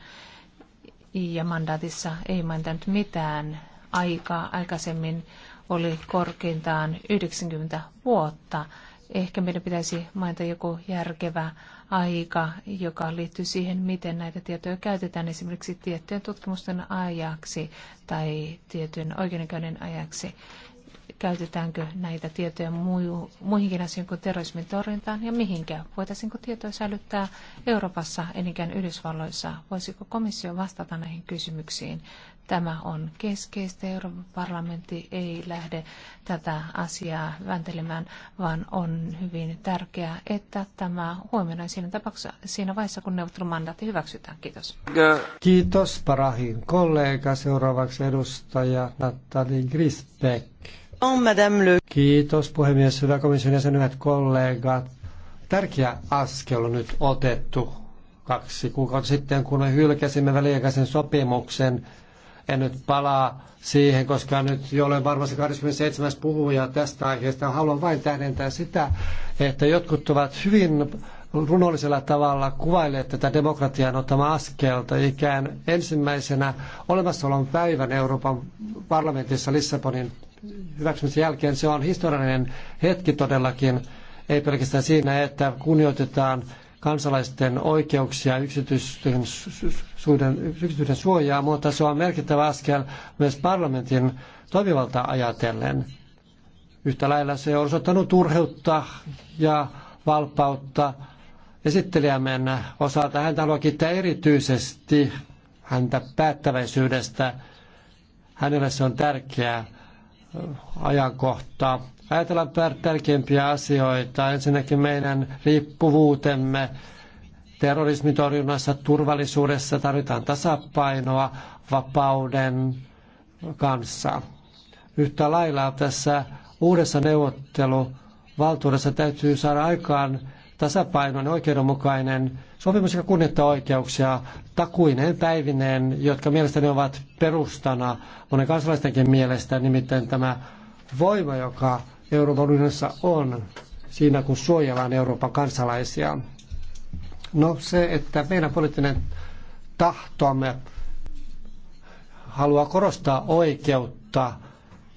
Ja mandaatissa ei mainitanut mitään aikaa. Aikaisemmin oli korkeintaan 90 vuotta. Ehkä meidän pitäisi mainita joku järkevä aika, joka liittyy siihen, miten näitä tietoja käytetään esimerkiksi tiettyjen tutkimusten ajaksi tai tietyn oikeudenkäynnin ajaksi käytetäänkö näitä tietoja muihinkin asioihin kuin terrorismin torjuntaan ja mihinkä? Voitaisiinko tietoja säilyttää Euroopassa, enikään Yhdysvalloissa? Voisiko komissio vastata näihin kysymyksiin? Tämä on keskeistä. Euroopan parlamentti ei lähde tätä asiaa väntelemään, vaan on hyvin tärkeää, että tämä huomioidaan siinä tapauksessa siinä vaiheessa, kun neuvottelumandaatti hyväksytään. Kiitos. Kiitos Parahin kollega. Seuraavaksi edustaja Natalie Grisbeck on, madame le... Kiitos puhemies, hyvä komission jäsen, hyvät kollegat. Tärkeä askel on nyt otettu kaksi kuukautta sitten, kun me hylkäsimme väliaikaisen sopimuksen. En nyt palaa siihen, koska nyt jo olen varmasti 27. puhuja tästä aiheesta. Haluan vain tähdentää sitä, että jotkut ovat hyvin runollisella tavalla kuvailee tätä demokratian ottamaa askelta ikään ensimmäisenä olemassaolon päivän Euroopan parlamentissa Lissabonin hyväksymisen jälkeen se on historiallinen hetki todellakin, ei pelkästään siinä, että kunnioitetaan kansalaisten oikeuksia, yksityisten, suojaa, mutta se on merkittävä askel myös parlamentin toimivalta ajatellen. Yhtä lailla se on osoittanut turheutta ja valpautta esittelijämme osalta. Häntä haluan kiittää erityisesti häntä päättäväisyydestä. Hänelle se on tärkeää ajankohtaa. Ajatellaan tärkeimpiä asioita. Ensinnäkin meidän riippuvuutemme terrorismitorjunnassa, turvallisuudessa tarvitaan tasapainoa vapauden kanssa. Yhtä lailla tässä uudessa neuvotteluvaltuudessa täytyy saada aikaan tasapainoinen, oikeudenmukainen sopimus, joka kunnioittaa oikeuksia takuineen päivineen, jotka mielestäni ovat perustana monen kansalaistenkin mielestä, nimittäin tämä voima, joka Euroopan unionissa on siinä, kun suojellaan Euroopan kansalaisia. No se, että meidän poliittinen tahtomme haluaa korostaa oikeutta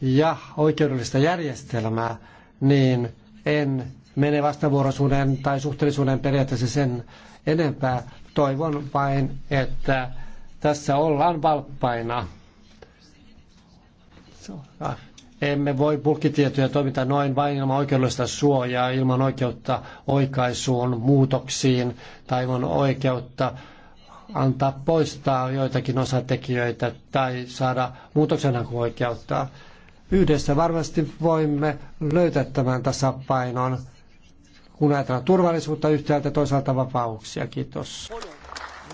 ja oikeudellista järjestelmää, niin – en mene vastavuoroisuuden tai suhteellisuuden periaatteessa sen enempää. Toivon vain, että tässä ollaan valppaina. Emme voi pulkkitietoja toimita noin vain ilman oikeudellista suojaa, ilman oikeutta oikaisuun, muutoksiin tai ilman oikeutta antaa poistaa joitakin osatekijöitä tai saada muutoksenhakuoikeutta. oikeutta Yhdessä varmasti voimme löytää tämän tasapainon, kun ajatellaan turvallisuutta yhtäältä toisaalta vapauksia. Kiitos.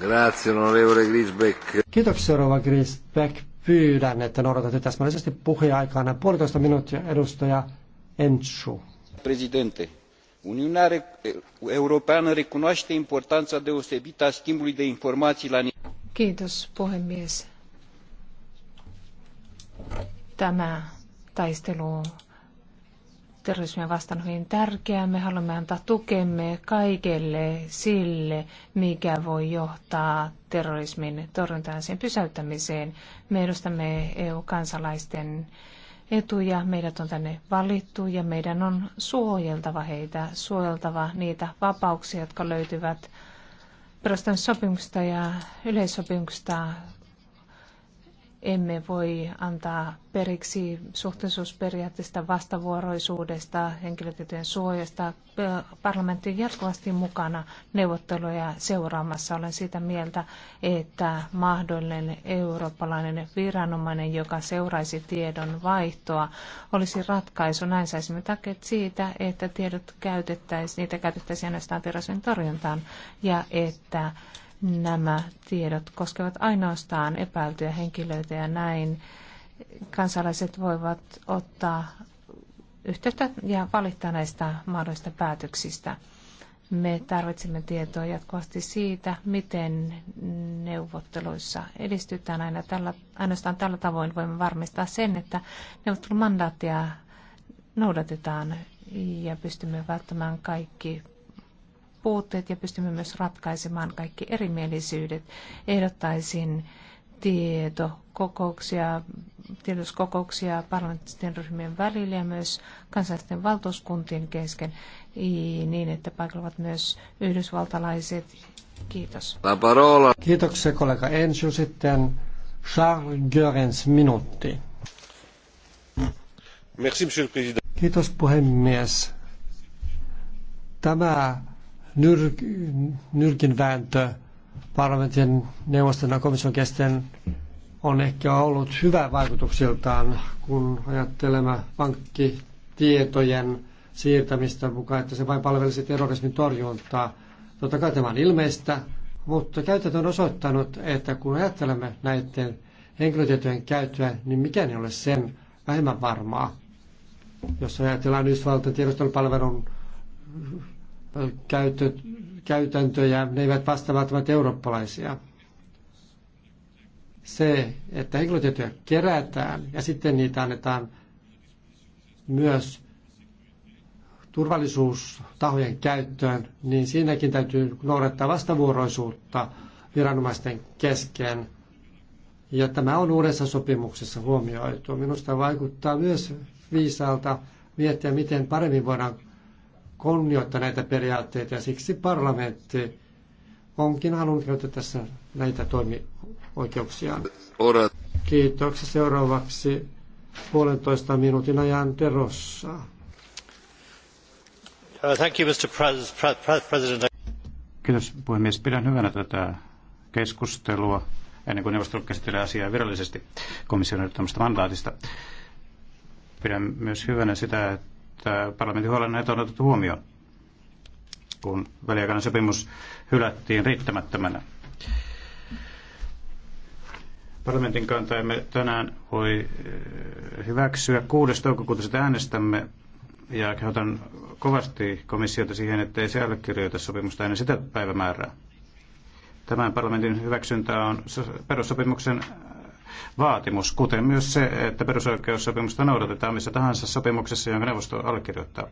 Grazie, onorevole Grisbeck. Kiitoksia, rouva Grisbeck. Pyydän, että noudatatte täsmällisesti puheaikana puolitoista minuuttia edustaja Enchu. Presidente, uniunea europeană recunoaște importanța deosebită a schimbului de informații la Kiitos puhemies. Tämä taistelu terrorismia vastaan hyvin tärkeää. Me haluamme antaa tukemme kaikelle sille, mikä voi johtaa terrorismin torjuntaan sen pysäyttämiseen. Me edustamme EU-kansalaisten etuja. Meidät on tänne valittu ja meidän on suojeltava heitä, suojeltava niitä vapauksia, jotka löytyvät perustan sopimuksesta ja yleissopimuksesta emme voi antaa periksi suhteellisuusperiaatteesta, vastavuoroisuudesta, henkilötietojen suojasta. Parlamentti on jatkuvasti mukana neuvotteluja seuraamassa. Olen sitä mieltä, että mahdollinen eurooppalainen viranomainen, joka seuraisi tiedon vaihtoa, olisi ratkaisu. Näin saisimme takeet siitä, että tiedot käytettäisiin, niitä käytettäisiin ainoastaan terrorismin torjuntaan ja että nämä tiedot koskevat ainoastaan epäiltyjä henkilöitä ja näin kansalaiset voivat ottaa yhteyttä ja valittaa näistä mahdollisista päätöksistä. Me tarvitsemme tietoa jatkuvasti siitä, miten neuvotteluissa edistytään. Aina tällä, ainoastaan tällä tavoin voimme varmistaa sen, että neuvottelumandaattia noudatetaan ja pystymme välttämään kaikki puutteet ja pystymme myös ratkaisemaan kaikki erimielisyydet. Ehdottaisin tietokokouksia, tiedotuskokouksia parlamenttisten ryhmien välillä ja myös kansallisten valtuuskuntien kesken niin, että paikalla ovat myös yhdysvaltalaiset. Kiitos. Kiitoksia kollega Ensu. Sitten Charles Görens minuutti. Merci, Kiitos puhemies. Tämä nyr- nyrkin vääntö parlamentin neuvoston ja komission kesken on ehkä ollut hyvä vaikutuksiltaan, kun ajattelemme pankkitietojen siirtämistä mukaan, että se vain palvelisi terrorismin torjuntaa. Totta kai tämä on ilmeistä, mutta käytäntö on osoittanut, että kun ajattelemme näiden henkilötietojen käyttöä, niin mikään ei ole sen vähemmän varmaa. Jos ajatellaan Yhdysvaltain tiedostelupalvelun käytö, käytäntöjä, ne eivät vastaa välttämättä eurooppalaisia. Se, että henkilötietoja kerätään ja sitten niitä annetaan myös turvallisuustahojen käyttöön, niin siinäkin täytyy noudattaa vastavuoroisuutta viranomaisten kesken. Ja tämä on uudessa sopimuksessa huomioitu. Minusta vaikuttaa myös viisaalta miettiä, miten paremmin voidaan kunnioittaa näitä periaatteita ja siksi parlamentti onkin halunnut käyttää tässä näitä toimioikeuksiaan. Kiitoksia. Seuraavaksi puolentoista minuutin ajan Terossa. Uh, Kiitos puhemies. Pidän hyvänä tätä keskustelua ennen kuin neuvosto käsittelee asiaa virallisesti komission ehdottamasta mandaatista. Pidän myös hyvänä sitä, että että parlamentin näitä on otettu huomioon, kun väliaikainen sopimus hylättiin riittämättömänä. Parlamentin kanta emme tänään voi eh, hyväksyä. 6. toukokuuta sitä äänestämme ja kehotan kovasti komissiota siihen, ettei se allekirjoita sopimusta ennen sitä päivämäärää. Tämän parlamentin hyväksyntä on perussopimuksen vaatimus, kuten myös se, että perusoikeussopimusta noudatetaan missä tahansa sopimuksessa, jonka neuvosto allekirjoittaa.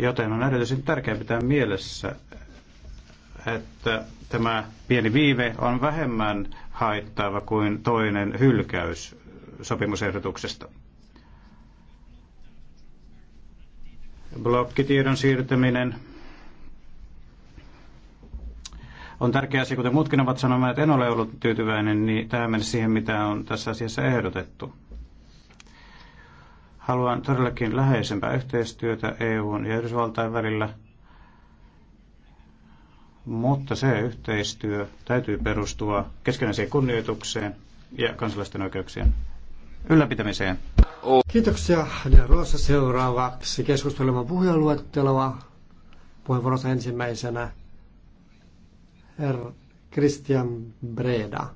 Joten on erityisen tärkeää pitää mielessä, että tämä pieni viive on vähemmän haittaava kuin toinen hylkäys sopimusehdotuksesta. Blokkitiedon siirtäminen on tärkeä asia, kuten muutkin ovat sanoneet, että en ole ollut tyytyväinen niin tähän mennessä siihen, mitä on tässä asiassa ehdotettu. Haluan todellakin läheisempää yhteistyötä EUn ja Yhdysvaltain välillä, mutta se yhteistyö täytyy perustua keskenäiseen kunnioitukseen ja kansalaisten oikeuksien ylläpitämiseen. Kiitoksia. Ja Roosa seuraavaksi keskustelemaan puheenluettelua. Puheenvuorossa ensimmäisenä herra Christian Breda.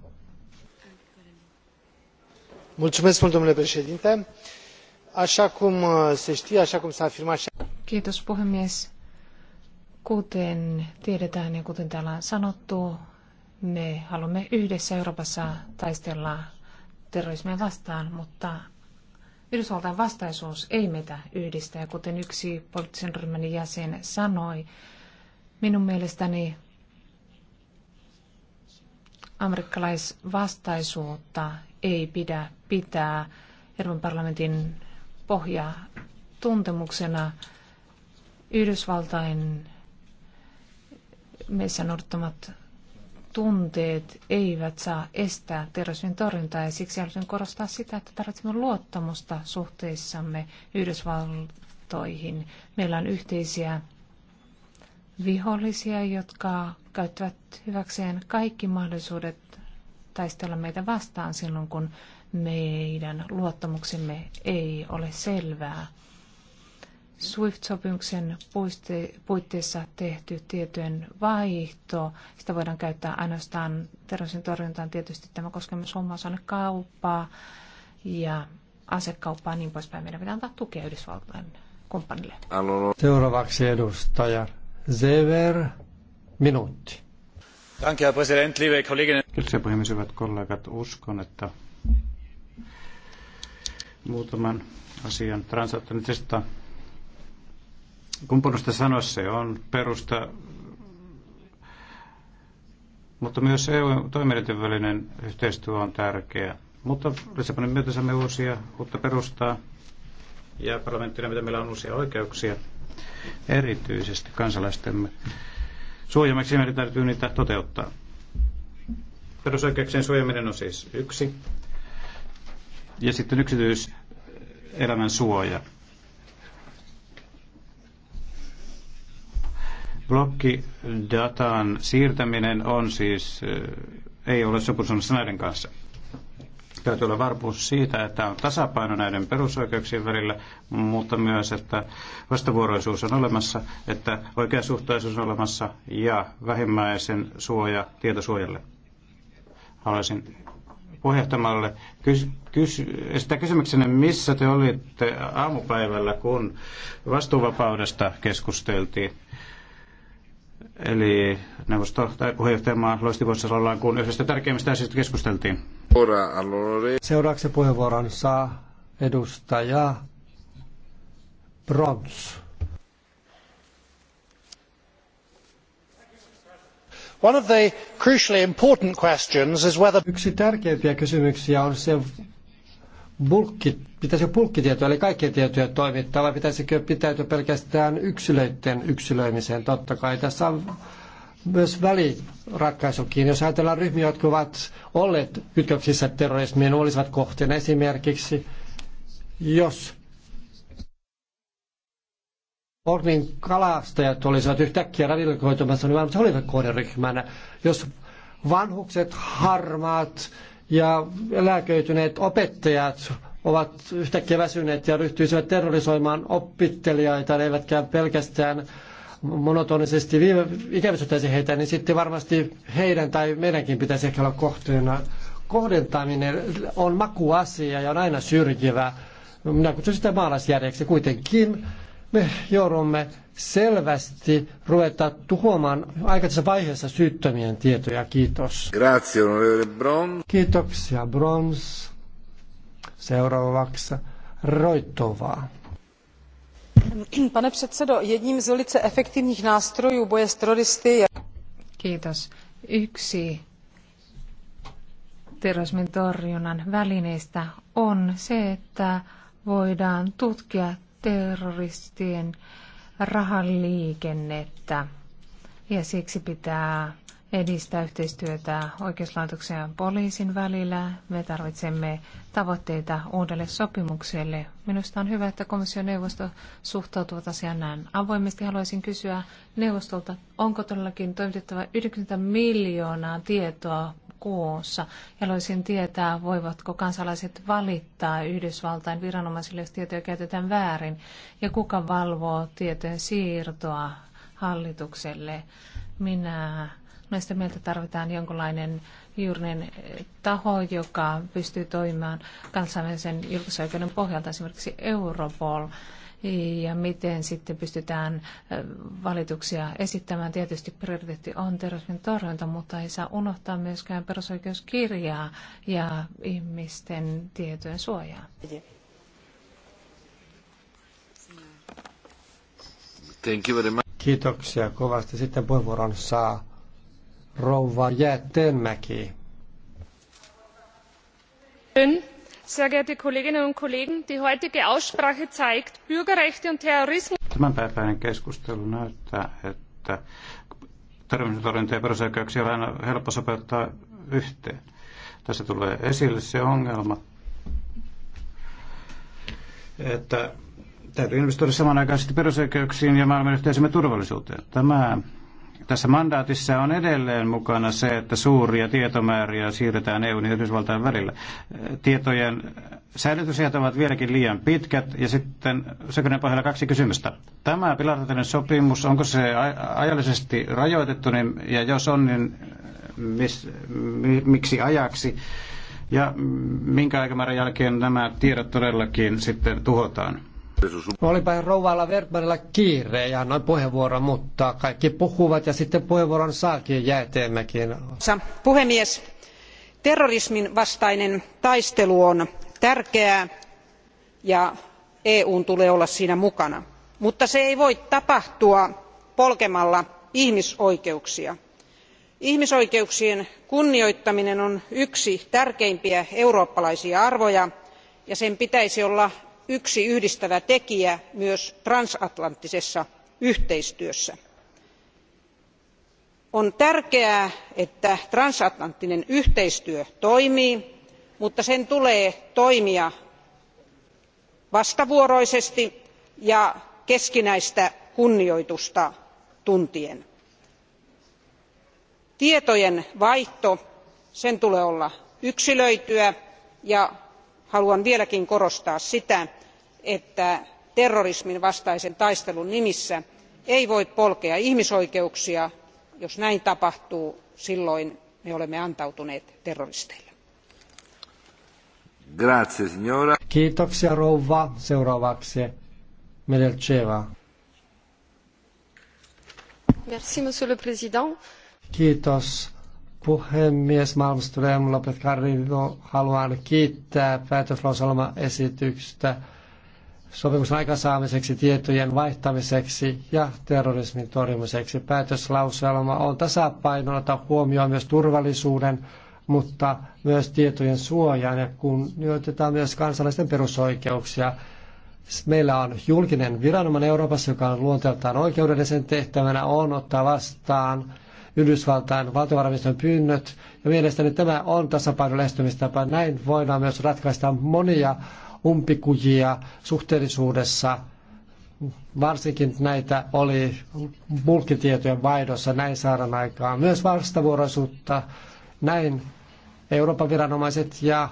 Mulțumesc mult, domnule președinte. Așa cum uh, se știe, așa cum s-a afirmat și... Kiitos puhemies. Kuten tiedetään ja kuten täällä on sanottu, me haluamme yhdessä Euroopassa taistella terrorismia vastaan, mutta Yhdysvaltain vastaisuus ei meitä yhdistä. Ja kuten yksi poliittisen ryhmän jäsen sanoi, minun mielestäni amerikkalaisvastaisuutta ei pidä pitää Euroopan parlamentin pohjatuntemuksena. tuntemuksena Yhdysvaltain meissä noudattamat tunteet eivät saa estää terrorismin torjuntaa ja siksi haluaisin korostaa sitä, että tarvitsemme luottamusta suhteissamme Yhdysvaltoihin. Meillä on yhteisiä vihollisia, jotka käyttävät hyväkseen kaikki mahdollisuudet taistella meitä vastaan silloin, kun meidän luottamuksemme ei ole selvää. SWIFT-sopimuksen puitteissa tehty tietojen vaihto, sitä voidaan käyttää ainoastaan terrorismin torjuntaan. Tietysti tämä koskee myös kauppaa ja asekauppaa ja niin poispäin. Meidän pitää antaa tukea Yhdysvaltain kumppanille. Seuraavaksi edustaja Sever, Herr Präsident, liebe Kolleginnen. puhemies, hyvät kollegat. Uskon, että muutaman asian transatlanttisesta kumppanusta sanoa, se on perusta, mutta myös EU-toimijoiden välinen yhteistyö on tärkeä. Mutta Lissabonin myötä saamme uusia, uutta perustaa ja parlamenttina, mitä meillä on uusia oikeuksia erityisesti kansalaistemme suojelmaksi meidän täytyy niitä toteuttaa. Perusoikeuksien suojaminen on siis yksi. Ja sitten yksityiselämän suoja. Blokkidatan siirtäminen on siis, ei ole sopusunnassa näiden kanssa. Täytyy olla varmuus siitä, että on tasapaino näiden perusoikeuksien välillä, mutta myös, että vastavuoroisuus on olemassa, että oikeasuhtaisuus on olemassa ja vähimmäisen suoja tietosuojalle. Haluaisin puheenjohtamalle kys, kys, esittää kysymyksenä, missä te olitte aamupäivällä, kun vastuuvapaudesta keskusteltiin. Eli neuvosto tai puheenjohtajamaa loisti ollaan, kun yhdestä tärkeimmistä asioista keskusteltiin. Seuraavaksi puheenvuoron saa edustaja Brons. One of the crucially important questions is whether... Yksi tärkeimpiä kysymyksiä on se, bulkki, pitäisikö pulkkitietoja, eli kaikkien tietoja toimittaa, vai pitäisikö pitäytyä pelkästään yksilöiden yksilöimiseen? Totta kai tässä on myös väliratkaisukin. Jos ajatellaan ryhmiä, jotka ovat olleet kytköksissä terrorismiin, olisivat kohteena esimerkiksi, jos Ornin kalastajat olisivat yhtäkkiä radikoitumassa, niin varmasti olivat kohderyhmänä. Jos vanhukset, harmaat, ja eläköityneet opettajat ovat yhtäkkiä väsyneet ja ryhtyisivät terrorisoimaan oppittelijaita, eivätkä pelkästään monotonisesti ikävysyttäisi heitä, niin sitten varmasti heidän tai meidänkin pitäisi ehkä olla kohteena. Kohdentaminen on makuasia ja on aina syrjivä. Minä kutsun sitä maalaisjärjeksi kuitenkin me joudumme selvästi ruveta tuhoamaan aikaisessa vaiheessa syyttömien tietoja. Kiitos. Grazie, onorevole Brons. Kiitoksia, Brons. Seuraavaksi Roittovaa. Pane předsedo, jedním z velice efektivních nástrojů boje s teroristy je... Kiitos. Yksi terrorismin torjunnan välineistä on se, että voidaan tutkia terroristien rahaliikennettä ja siksi pitää edistää yhteistyötä oikeuslaitoksen ja poliisin välillä. Me tarvitsemme tavoitteita uudelle sopimukselle. Minusta on hyvä, että komission neuvosto suhtautuvat asiaan näin avoimesti. Haluaisin kysyä neuvostolta, onko todellakin toimitettava 90 miljoonaa tietoa koossa. Ja haluaisin tietää, voivatko kansalaiset valittaa Yhdysvaltain viranomaisille, jos tietoja käytetään väärin, ja kuka valvoo tietojen siirtoa hallitukselle. Minä näistä mieltä tarvitaan jonkinlainen juurinen taho, joka pystyy toimimaan kansainvälisen julkisoikeuden pohjalta, esimerkiksi Europol ja miten sitten pystytään valituksia esittämään. Tietysti prioriteetti on terrorismin torjunta, mutta ei saa unohtaa myöskään perusoikeuskirjaa ja ihmisten tietojen suojaa. Kiitoksia kovasti. Sitten puheenvuoron saa rouva Jäätteenmäki sehr geehrte Kolleginnen und Kollegen, die heutige Aussprache zeigt, Bürgerrechte und Terrorismus. Tämänpäiväinen keskustelu näyttää, että ja perusoikeuksia on aina helppo sopeuttaa yhteen. Tässä tulee esille se ongelma, että täytyy investoida samanaikaisesti perusoikeuksiin ja maailman yhteisemme turvallisuuteen. Tämä tässä mandaatissa on edelleen mukana se, että suuria tietomääriä siirretään EUn ja Yhdysvaltain välillä. Tietojen säilytysajat ovat vieläkin liian pitkät ja sitten sekunnin pohjalla kaksi kysymystä. Tämä pilaratinen sopimus, onko se ajallisesti rajoitettu niin, ja jos on, niin mis, mi, miksi ajaksi? Ja minkä aikamäärän jälkeen nämä tiedot todellakin sitten tuhotaan? Olipa rouvalla Vertmanilla kiire ja noin puheenvuoro, mutta kaikki puhuvat ja sitten puheenvuoron saakin jääteemäkin. Puhemies, terrorismin vastainen taistelu on tärkeää ja eu n tulee olla siinä mukana mutta se ei voi tapahtua polkemalla ihmisoikeuksia. ihmisoikeuksien kunnioittaminen on yksi tärkeimpiä eurooppalaisia arvoja ja sen pitäisi olla yksi yhdistävä tekijä myös transatlanttisessa yhteistyössä. on tärkeää että transatlanttinen yhteistyö toimii mutta sen tulee toimia vastavuoroisesti ja keskinäistä kunnioitusta tuntien. tietojenvaihdon tulee olla yksilöityä ja haluan vieläkin korostaa sitä että terrorismin vastaisen taistelun nimissä ei voi polkea ihmisoikeuksia. jos näin tapahtuu silloin me olemme antautuneet terroristeille. Kiitoksia rouva. Seuraavaksi Merci, monsieur le président. Kiitos puhemies Malmström, Lopet Karrivo, haluan kiittää esityksestä. sopimus aikaansaamiseksi, tietojen vaihtamiseksi ja terrorismin torjumiseksi. Päätöslauselma on tasapainolta huomioon myös turvallisuuden, mutta myös tietojen suojan ja kunnioitetaan myös kansalaisten perusoikeuksia. Meillä on julkinen viranomainen Euroopassa, joka on luonteeltaan oikeudellisen tehtävänä on ottaa vastaan – Yhdysvaltain valtiovarainministeriön pyynnöt. Ja mielestäni tämä on tasapaino lähestymistapa. Näin voidaan myös ratkaista monia umpikujia suhteellisuudessa. Varsinkin näitä oli mulkitietojen vaihdossa, näin saadaan aikaan. Myös vastavuoroisuutta, näin Euroopan viranomaiset ja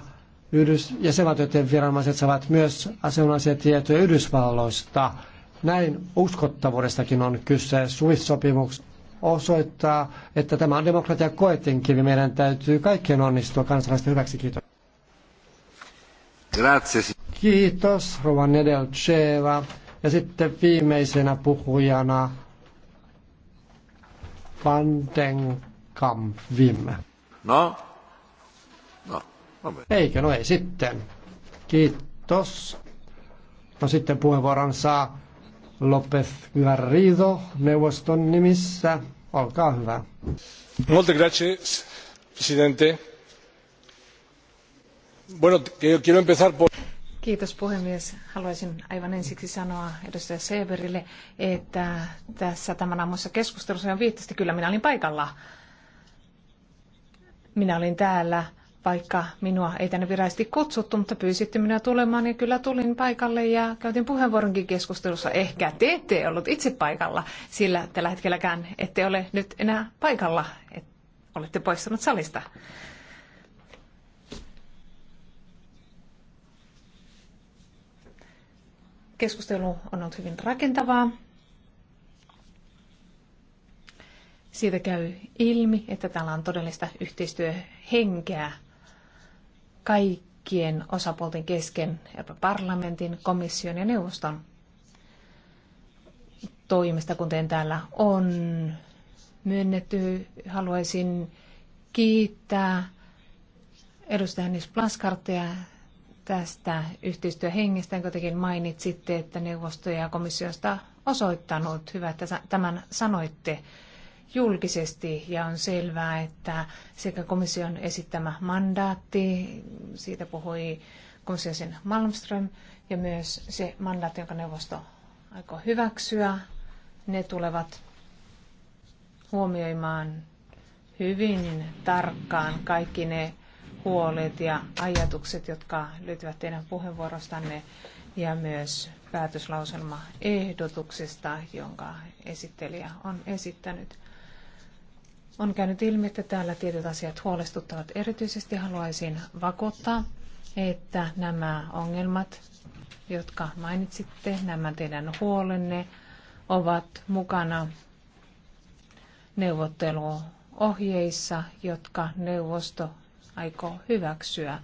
Yhdys- jäsenvaltioiden viranomaiset saavat myös asianomaisia tietoja Yhdysvalloista. Näin uskottavuudestakin on kyse. swiss osoittaa, että tämä on demokratia koetinkivi. Meidän täytyy kaikkien onnistua kansalaisten hyväksi. Kiitos. Grazie. Kiitos, Rova Nedelcheva. Ja sitten viimeisenä puhujana Vandenkamp Vim. No, no, no. Eikö, no ei sitten. Kiitos. No sitten puheenvuoron saa López Garrido neuvoston nimissä señor presidente. quiero empezar por... Kiitos puhemies. Haluaisin aivan ensiksi sanoa edustaja Seberille, että tässä tämän aamussa keskustelussa on viittasi, kyllä minä olin paikalla. Minä olin täällä vaikka minua ei tänne virallisesti kutsuttu, mutta pyysitte minua tulemaan ja niin kyllä tulin paikalle ja käytin puheenvuoronkin keskustelussa. Ehkä te ette ollut itse paikalla, sillä tällä hetkelläkään ette ole nyt enää paikalla, että olette poistunut salista. Keskustelu on ollut hyvin rakentavaa. Siitä käy ilmi, että täällä on todellista yhteistyöhenkeä kaikkien osapuolten kesken, Euroopan parlamentin, komission ja neuvoston toimesta, kuten täällä on myönnetty. Haluaisin kiittää edustaja Nis Plaskartia tästä yhteistyöhengestä, tekin mainitsitte, että neuvosto ja komissiosta osoittanut. Hyvä, että tämän sanoitte julkisesti ja on selvää, että sekä komission esittämä mandaatti, siitä puhui komission Malmström, ja myös se mandaatti, jonka neuvosto aikoo hyväksyä, ne tulevat huomioimaan hyvin tarkkaan kaikki ne huolet ja ajatukset, jotka löytyvät teidän puheenvuorostanne ja myös päätöslauselmaehdotuksesta, jonka esittelijä on esittänyt. On käynyt ilmi, että täällä tietyt asiat huolestuttavat. Erityisesti haluaisin vakuuttaa, että nämä ongelmat, jotka mainitsitte, nämä teidän huolenne, ovat mukana neuvotteluohjeissa, jotka neuvosto aikoo hyväksyä.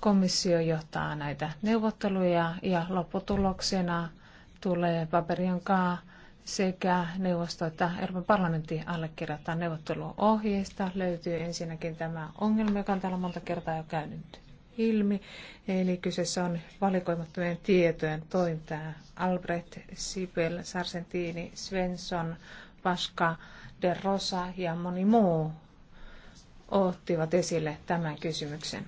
Komissio johtaa näitä neuvotteluja ja lopputuloksena tulee paperion kaa sekä neuvosto että Euroopan parlamentti allekirjoittaa neuvotteluohjeista. Löytyy ensinnäkin tämä ongelma, joka on täällä monta kertaa jo käynyt ilmi. Eli kyseessä on valikoimattomien tietojen toimintaa. Albrecht, Sibel, Sargentini, Svensson, Paska, De Rosa ja moni muu ottivat esille tämän kysymyksen.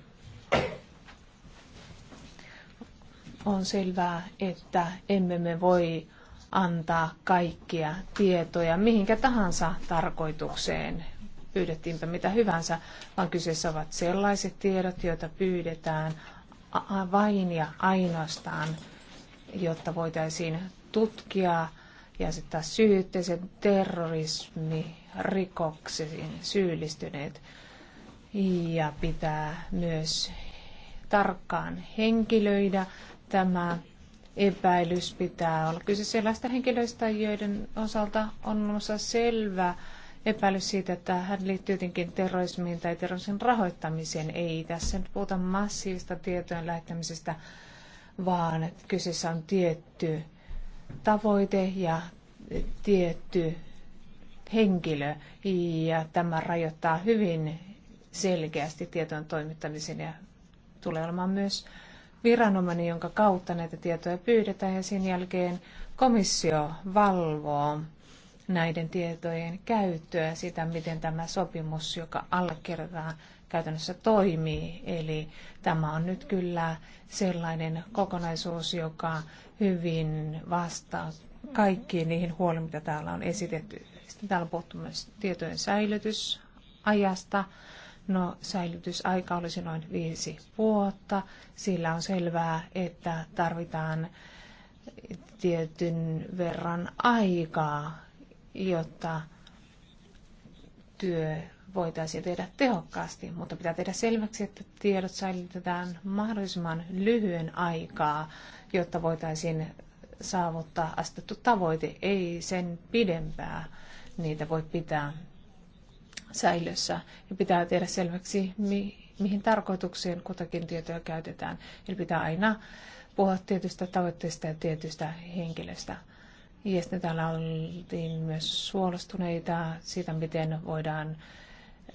On selvää, että emme me voi antaa kaikkia tietoja mihinkä tahansa tarkoitukseen, pyydettiinpä mitä hyvänsä, vaan kyseessä ovat sellaiset tiedot, joita pyydetään vain ja ainoastaan, jotta voitaisiin tutkia ja asettaa syytteisen terrorismirikoksiin syyllistyneet ja pitää myös tarkkaan henkilöidä tämä epäilys pitää olla kyse sellaista henkilöistä, joiden osalta on olemassa selvä epäilys siitä, että hän liittyy jotenkin terrorismiin tai terrorismin rahoittamiseen. Ei tässä nyt puhuta massiivista tietojen lähettämisestä, vaan että kyseessä on tietty tavoite ja tietty henkilö. Ja tämä rajoittaa hyvin selkeästi tietojen toimittamisen ja tulee olemaan myös viranomainen, jonka kautta näitä tietoja pyydetään ja sen jälkeen komissio valvoo näiden tietojen käyttöä sitä, miten tämä sopimus, joka allekirjoitetaan, käytännössä toimii. Eli tämä on nyt kyllä sellainen kokonaisuus, joka hyvin vastaa kaikkiin niihin huoliin, mitä täällä on esitetty. Sitten täällä on puhuttu myös tietojen säilytysajasta. No, säilytysaika olisi noin viisi vuotta. Sillä on selvää, että tarvitaan tietyn verran aikaa, jotta työ voitaisiin tehdä tehokkaasti, mutta pitää tehdä selväksi, että tiedot säilytetään mahdollisimman lyhyen aikaa, jotta voitaisiin saavuttaa astettu tavoite, ei sen pidempää niitä voi pitää säilössä. Ja pitää tehdä selväksi, mi- mihin tarkoituksiin kutakin tietoja käytetään. Eli pitää aina puhua tietystä tavoitteista ja tietystä henkilöstä. Ja sitten täällä oltiin myös suolastuneita siitä, miten voidaan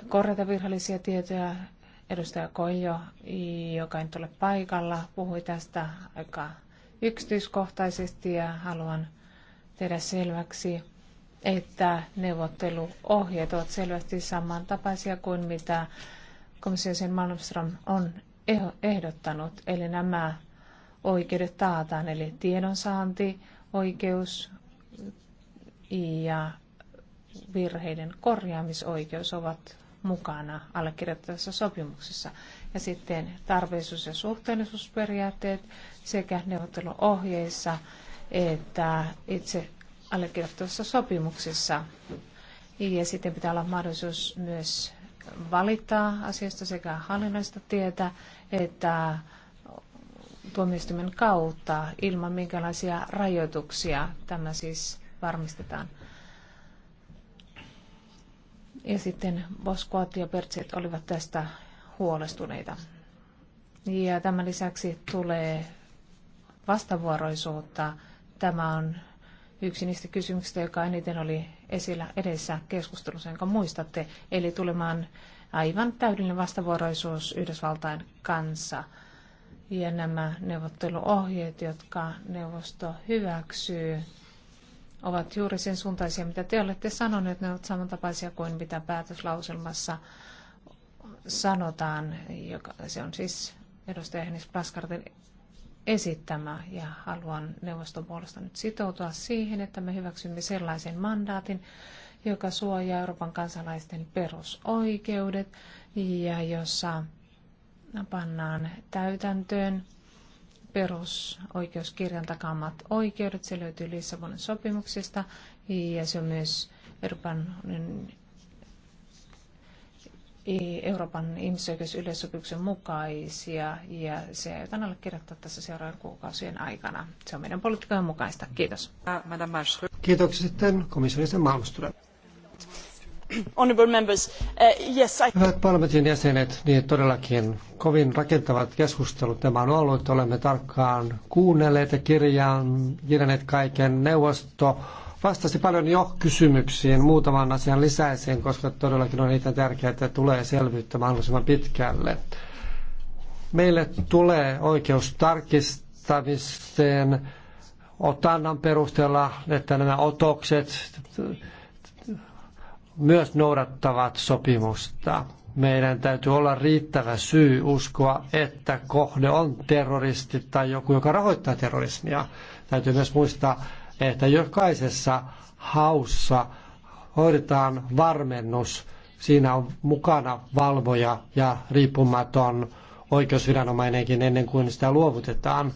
korjata virallisia tietoja. Edustaja Koijo, joka ei ole paikalla, puhui tästä aika yksityiskohtaisesti ja haluan tehdä selväksi, että neuvotteluohjeet ovat selvästi samantapaisia kuin mitä komissiosin Malmström on ehdottanut. Eli nämä oikeudet taataan, eli tiedonsaanti, oikeus ja virheiden korjaamisoikeus ovat mukana allekirjoittavassa sopimuksessa. Ja sitten tarpeellisuus- ja suhteellisuusperiaatteet sekä neuvotteluohjeissa että itse allekirjoittavassa sopimuksessa. Ja sitten pitää olla mahdollisuus myös valittaa asiasta sekä hallinnoista tietä että tuomioistuimen kautta ilman minkälaisia rajoituksia tämä siis varmistetaan. Ja sitten Boskoat ja Pertset olivat tästä huolestuneita. Ja tämän lisäksi tulee vastavuoroisuutta. Tämä on yksi niistä kysymyksistä, joka eniten oli esillä edessä keskustelussa, jonka muistatte, eli tulemaan aivan täydellinen vastavuoroisuus Yhdysvaltain kanssa. Ja nämä neuvotteluohjeet, jotka neuvosto hyväksyy, ovat juuri sen suuntaisia, mitä te olette sanoneet. Ne ovat samantapaisia kuin mitä päätöslauselmassa sanotaan, joka, se on siis edustaja Hennis Plaskartin esittämä ja haluan neuvoston puolesta nyt sitoutua siihen, että me hyväksymme sellaisen mandaatin, joka suojaa Euroopan kansalaisten perusoikeudet ja jossa pannaan täytäntöön perusoikeuskirjan takaamat oikeudet. Se löytyy Lissabonin sopimuksesta ja se on myös Euroopan Euroopan ihmisoikeusyleissopimuksen mukaisia ja se aiotaan allekirjoittaa tässä seuraavan kuukausien aikana. Se on meidän politiikkojen mukaista. Kiitos. Kiitoksia sitten komissaarisen Malmström. members, uh, yes, Hyvät parlamentin jäsenet, niin todellakin kovin rakentavat keskustelut tämä on ollut. Olemme tarkkaan kuunnelleet ja kirjaan, kirjanneet kaiken neuvosto vastasi paljon jo kysymyksiin muutaman asian lisäisiin, koska todellakin on niitä tärkeää, että tulee selvyyttä mahdollisimman pitkälle. Meille tulee oikeus tarkistamiseen otannan perusteella, että nämä otokset myös noudattavat sopimusta. Meidän täytyy olla riittävä syy uskoa, että kohde on terroristi tai joku, joka rahoittaa terrorismia. Täytyy myös muistaa, että jokaisessa haussa hoidetaan varmennus. Siinä on mukana valvoja ja riippumaton oikeusviranomainenkin ennen kuin sitä luovutetaan.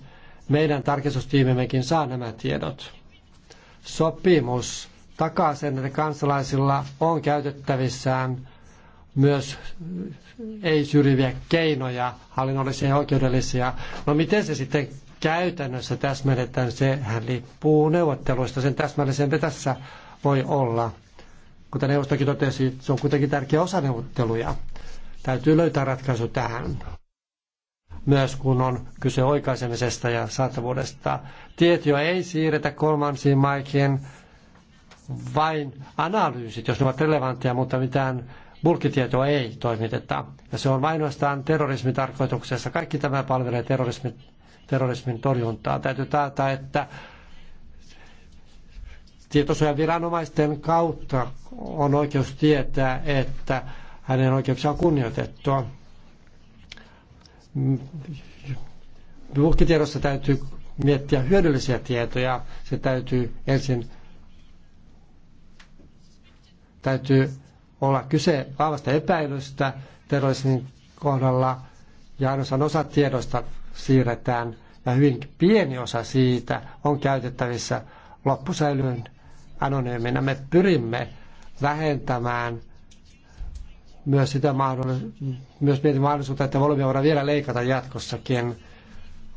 Meidän tarkistustiimimmekin saa nämä tiedot. Sopimus takaa sen, että kansalaisilla on käytettävissään myös ei syrjiviä keinoja, hallinnollisia ja oikeudellisia. No miten se sitten käytännössä täsmennetään, sehän riippuu neuvotteluista, sen täsmällisempi tässä voi olla. Kuten neuvostokin totesi, se on kuitenkin tärkeä osa neuvotteluja. Täytyy löytää ratkaisu tähän. Myös kun on kyse oikaisemisesta ja saatavuudesta. Tietoja ei siirretä kolmansiin maihin, vain analyysit, jos ne ovat relevantteja, mutta mitään bulkitietoa ei toimiteta. Ja se on vain ainoastaan terrorismitarkoituksessa. Kaikki tämä palvelee terrorismitarkoituksessa terrorismin torjuntaa. Täytyy taata, että tietosuojaviranomaisten kautta on oikeus tietää, että hänen oikeuksiaan on kunnioitettua. Uhkitiedossa täytyy miettiä hyödyllisiä tietoja. Se täytyy ensin täytyy olla kyse vahvasta epäilystä terrorismin kohdalla ja ainoastaan osa tiedosta siirretään ja hyvin pieni osa siitä on käytettävissä loppusäilyn anonyyminä. Me pyrimme vähentämään myös, sitä mahdollisuutta, myös mietin mahdollisuutta, että volyymia voidaan vielä leikata jatkossakin.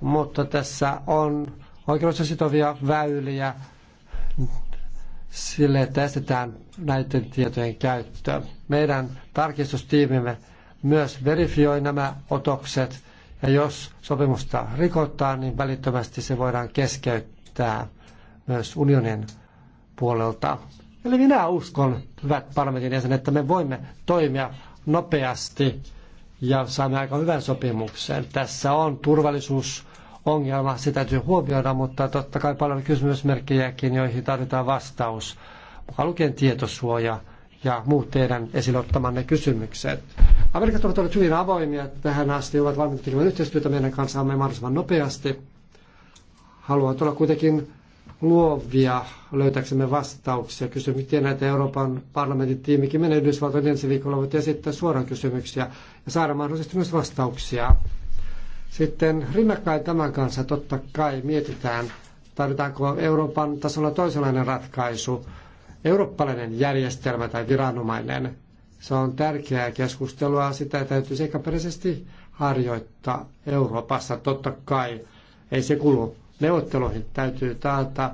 Mutta tässä on oikeudessa sitovia väyliä sille, että estetään näiden tietojen käyttöä. Meidän tarkistustiimimme myös verifioi nämä otokset ja jos sopimusta rikotaan, niin välittömästi se voidaan keskeyttää myös unionin puolelta. Eli minä uskon, hyvät parlamentin jäsenet, että me voimme toimia nopeasti ja saamme aika hyvän sopimuksen. Tässä on turvallisuusongelma, se täytyy huomioida, mutta totta kai paljon kysymysmerkkejäkin, joihin tarvitaan vastaus, mukaan lukien tietosuoja ja muut teidän esille ottamanne kysymykset. Amerikat ovat olleet hyvin avoimia tähän asti, ovat valmiita tekemään yhteistyötä meidän kanssamme mahdollisimman nopeasti. Haluavat olla kuitenkin luovia löytääksemme vastauksia Kysymyksiä näitä Euroopan parlamentin tiimikin menee Yhdysvaltoihin ensi viikolla, voit esittää suoraan kysymyksiä ja saada mahdollisesti myös vastauksia. Sitten rinnakkain tämän kanssa totta kai mietitään, tarvitaanko Euroopan tasolla toisenlainen ratkaisu, eurooppalainen järjestelmä tai viranomainen, se on tärkeää keskustelua, sitä täytyy seikkaperäisesti harjoittaa Euroopassa totta kai. Ei se kulu neuvotteluihin, täytyy taata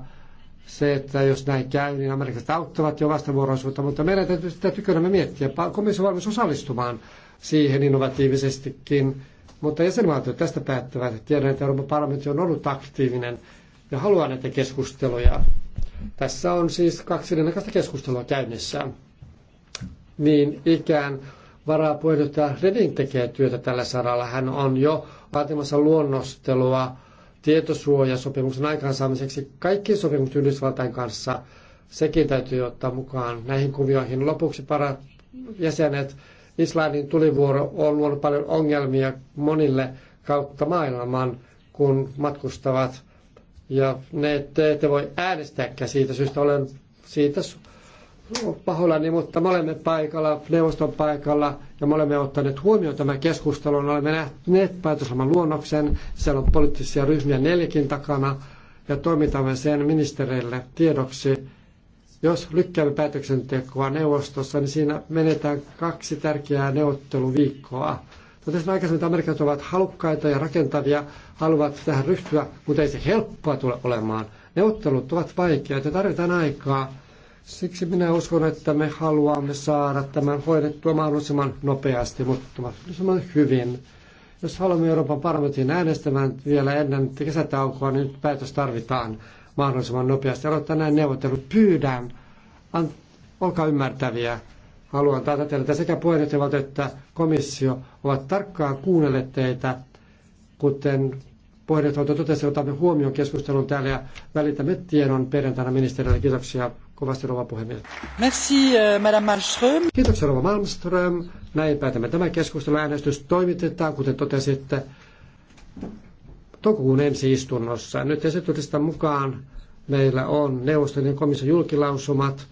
se, että jos näin käy, niin amerikkalaiset auttavat jo vastavuoroisuutta, mutta meidän täytyy sitä tykönämme miettiä. Komissio valmis osallistumaan siihen innovatiivisestikin, mutta jäsenvaltiot tästä päättävät. Tiedän, että Euroopan parlamentti on ollut aktiivinen ja haluaa näitä keskusteluja. Tässä on siis kaksi rinnakkaista keskustelua käynnissä niin ikään varapuheenjohtaja Redin tekee työtä tällä saralla. Hän on jo vaatimassa luonnostelua tietosuojasopimuksen aikaansaamiseksi kaikki sopimukset Yhdysvaltain kanssa. Sekin täytyy ottaa mukaan näihin kuvioihin. Lopuksi parat jäsenet. Islannin tulivuoro on luonut paljon ongelmia monille kautta maailman, kun matkustavat. Ja ne, te ette voi äänestääkään siitä syystä. Olen siitä pahoillani, mutta me olemme paikalla, neuvoston paikalla, ja me olemme ottaneet huomioon tämän keskustelun. Olemme nähneet päätöslaman luonnoksen, siellä on poliittisia ryhmiä neljäkin takana, ja toimitamme sen ministereille tiedoksi. Jos lykkäämme päätöksentekoa neuvostossa, niin siinä menetään kaksi tärkeää neuvotteluviikkoa. Totesin aikaisemmin, että Amerikat ovat halukkaita ja rakentavia, haluavat tähän ryhtyä, mutta ei se helppoa tule olemaan. Neuvottelut ovat vaikeita ja tarvitaan aikaa Siksi minä uskon, että me haluamme saada tämän hoidettua mahdollisimman nopeasti, mutta mahdollisimman hyvin. Jos haluamme Euroopan parlamentin äänestämään vielä ennen kesätaukoa, niin nyt päätös tarvitaan mahdollisimman nopeasti. Aloittaa näin neuvottelut. Pyydän, an, olkaa ymmärtäviä. Haluan taata teille, että sekä puheenjohtajat että komissio ovat tarkkaan kuunnelleet teitä, kuten puheenjohtajat totesi, otamme huomioon keskustelun täällä ja välitämme tiedon perjantaina ministerille. Kiitoksia kovasti rouva puhemies. Merci, euh, Madame Malmström. Kiitoksia rouva Malmström. Näin päätämme tämä keskustelu. Äänestys toimitetaan, kuten totesitte, toukokuun ensi istunnossa. Nyt esityksestä mukaan meillä on neuvoston ja komission julkilausumat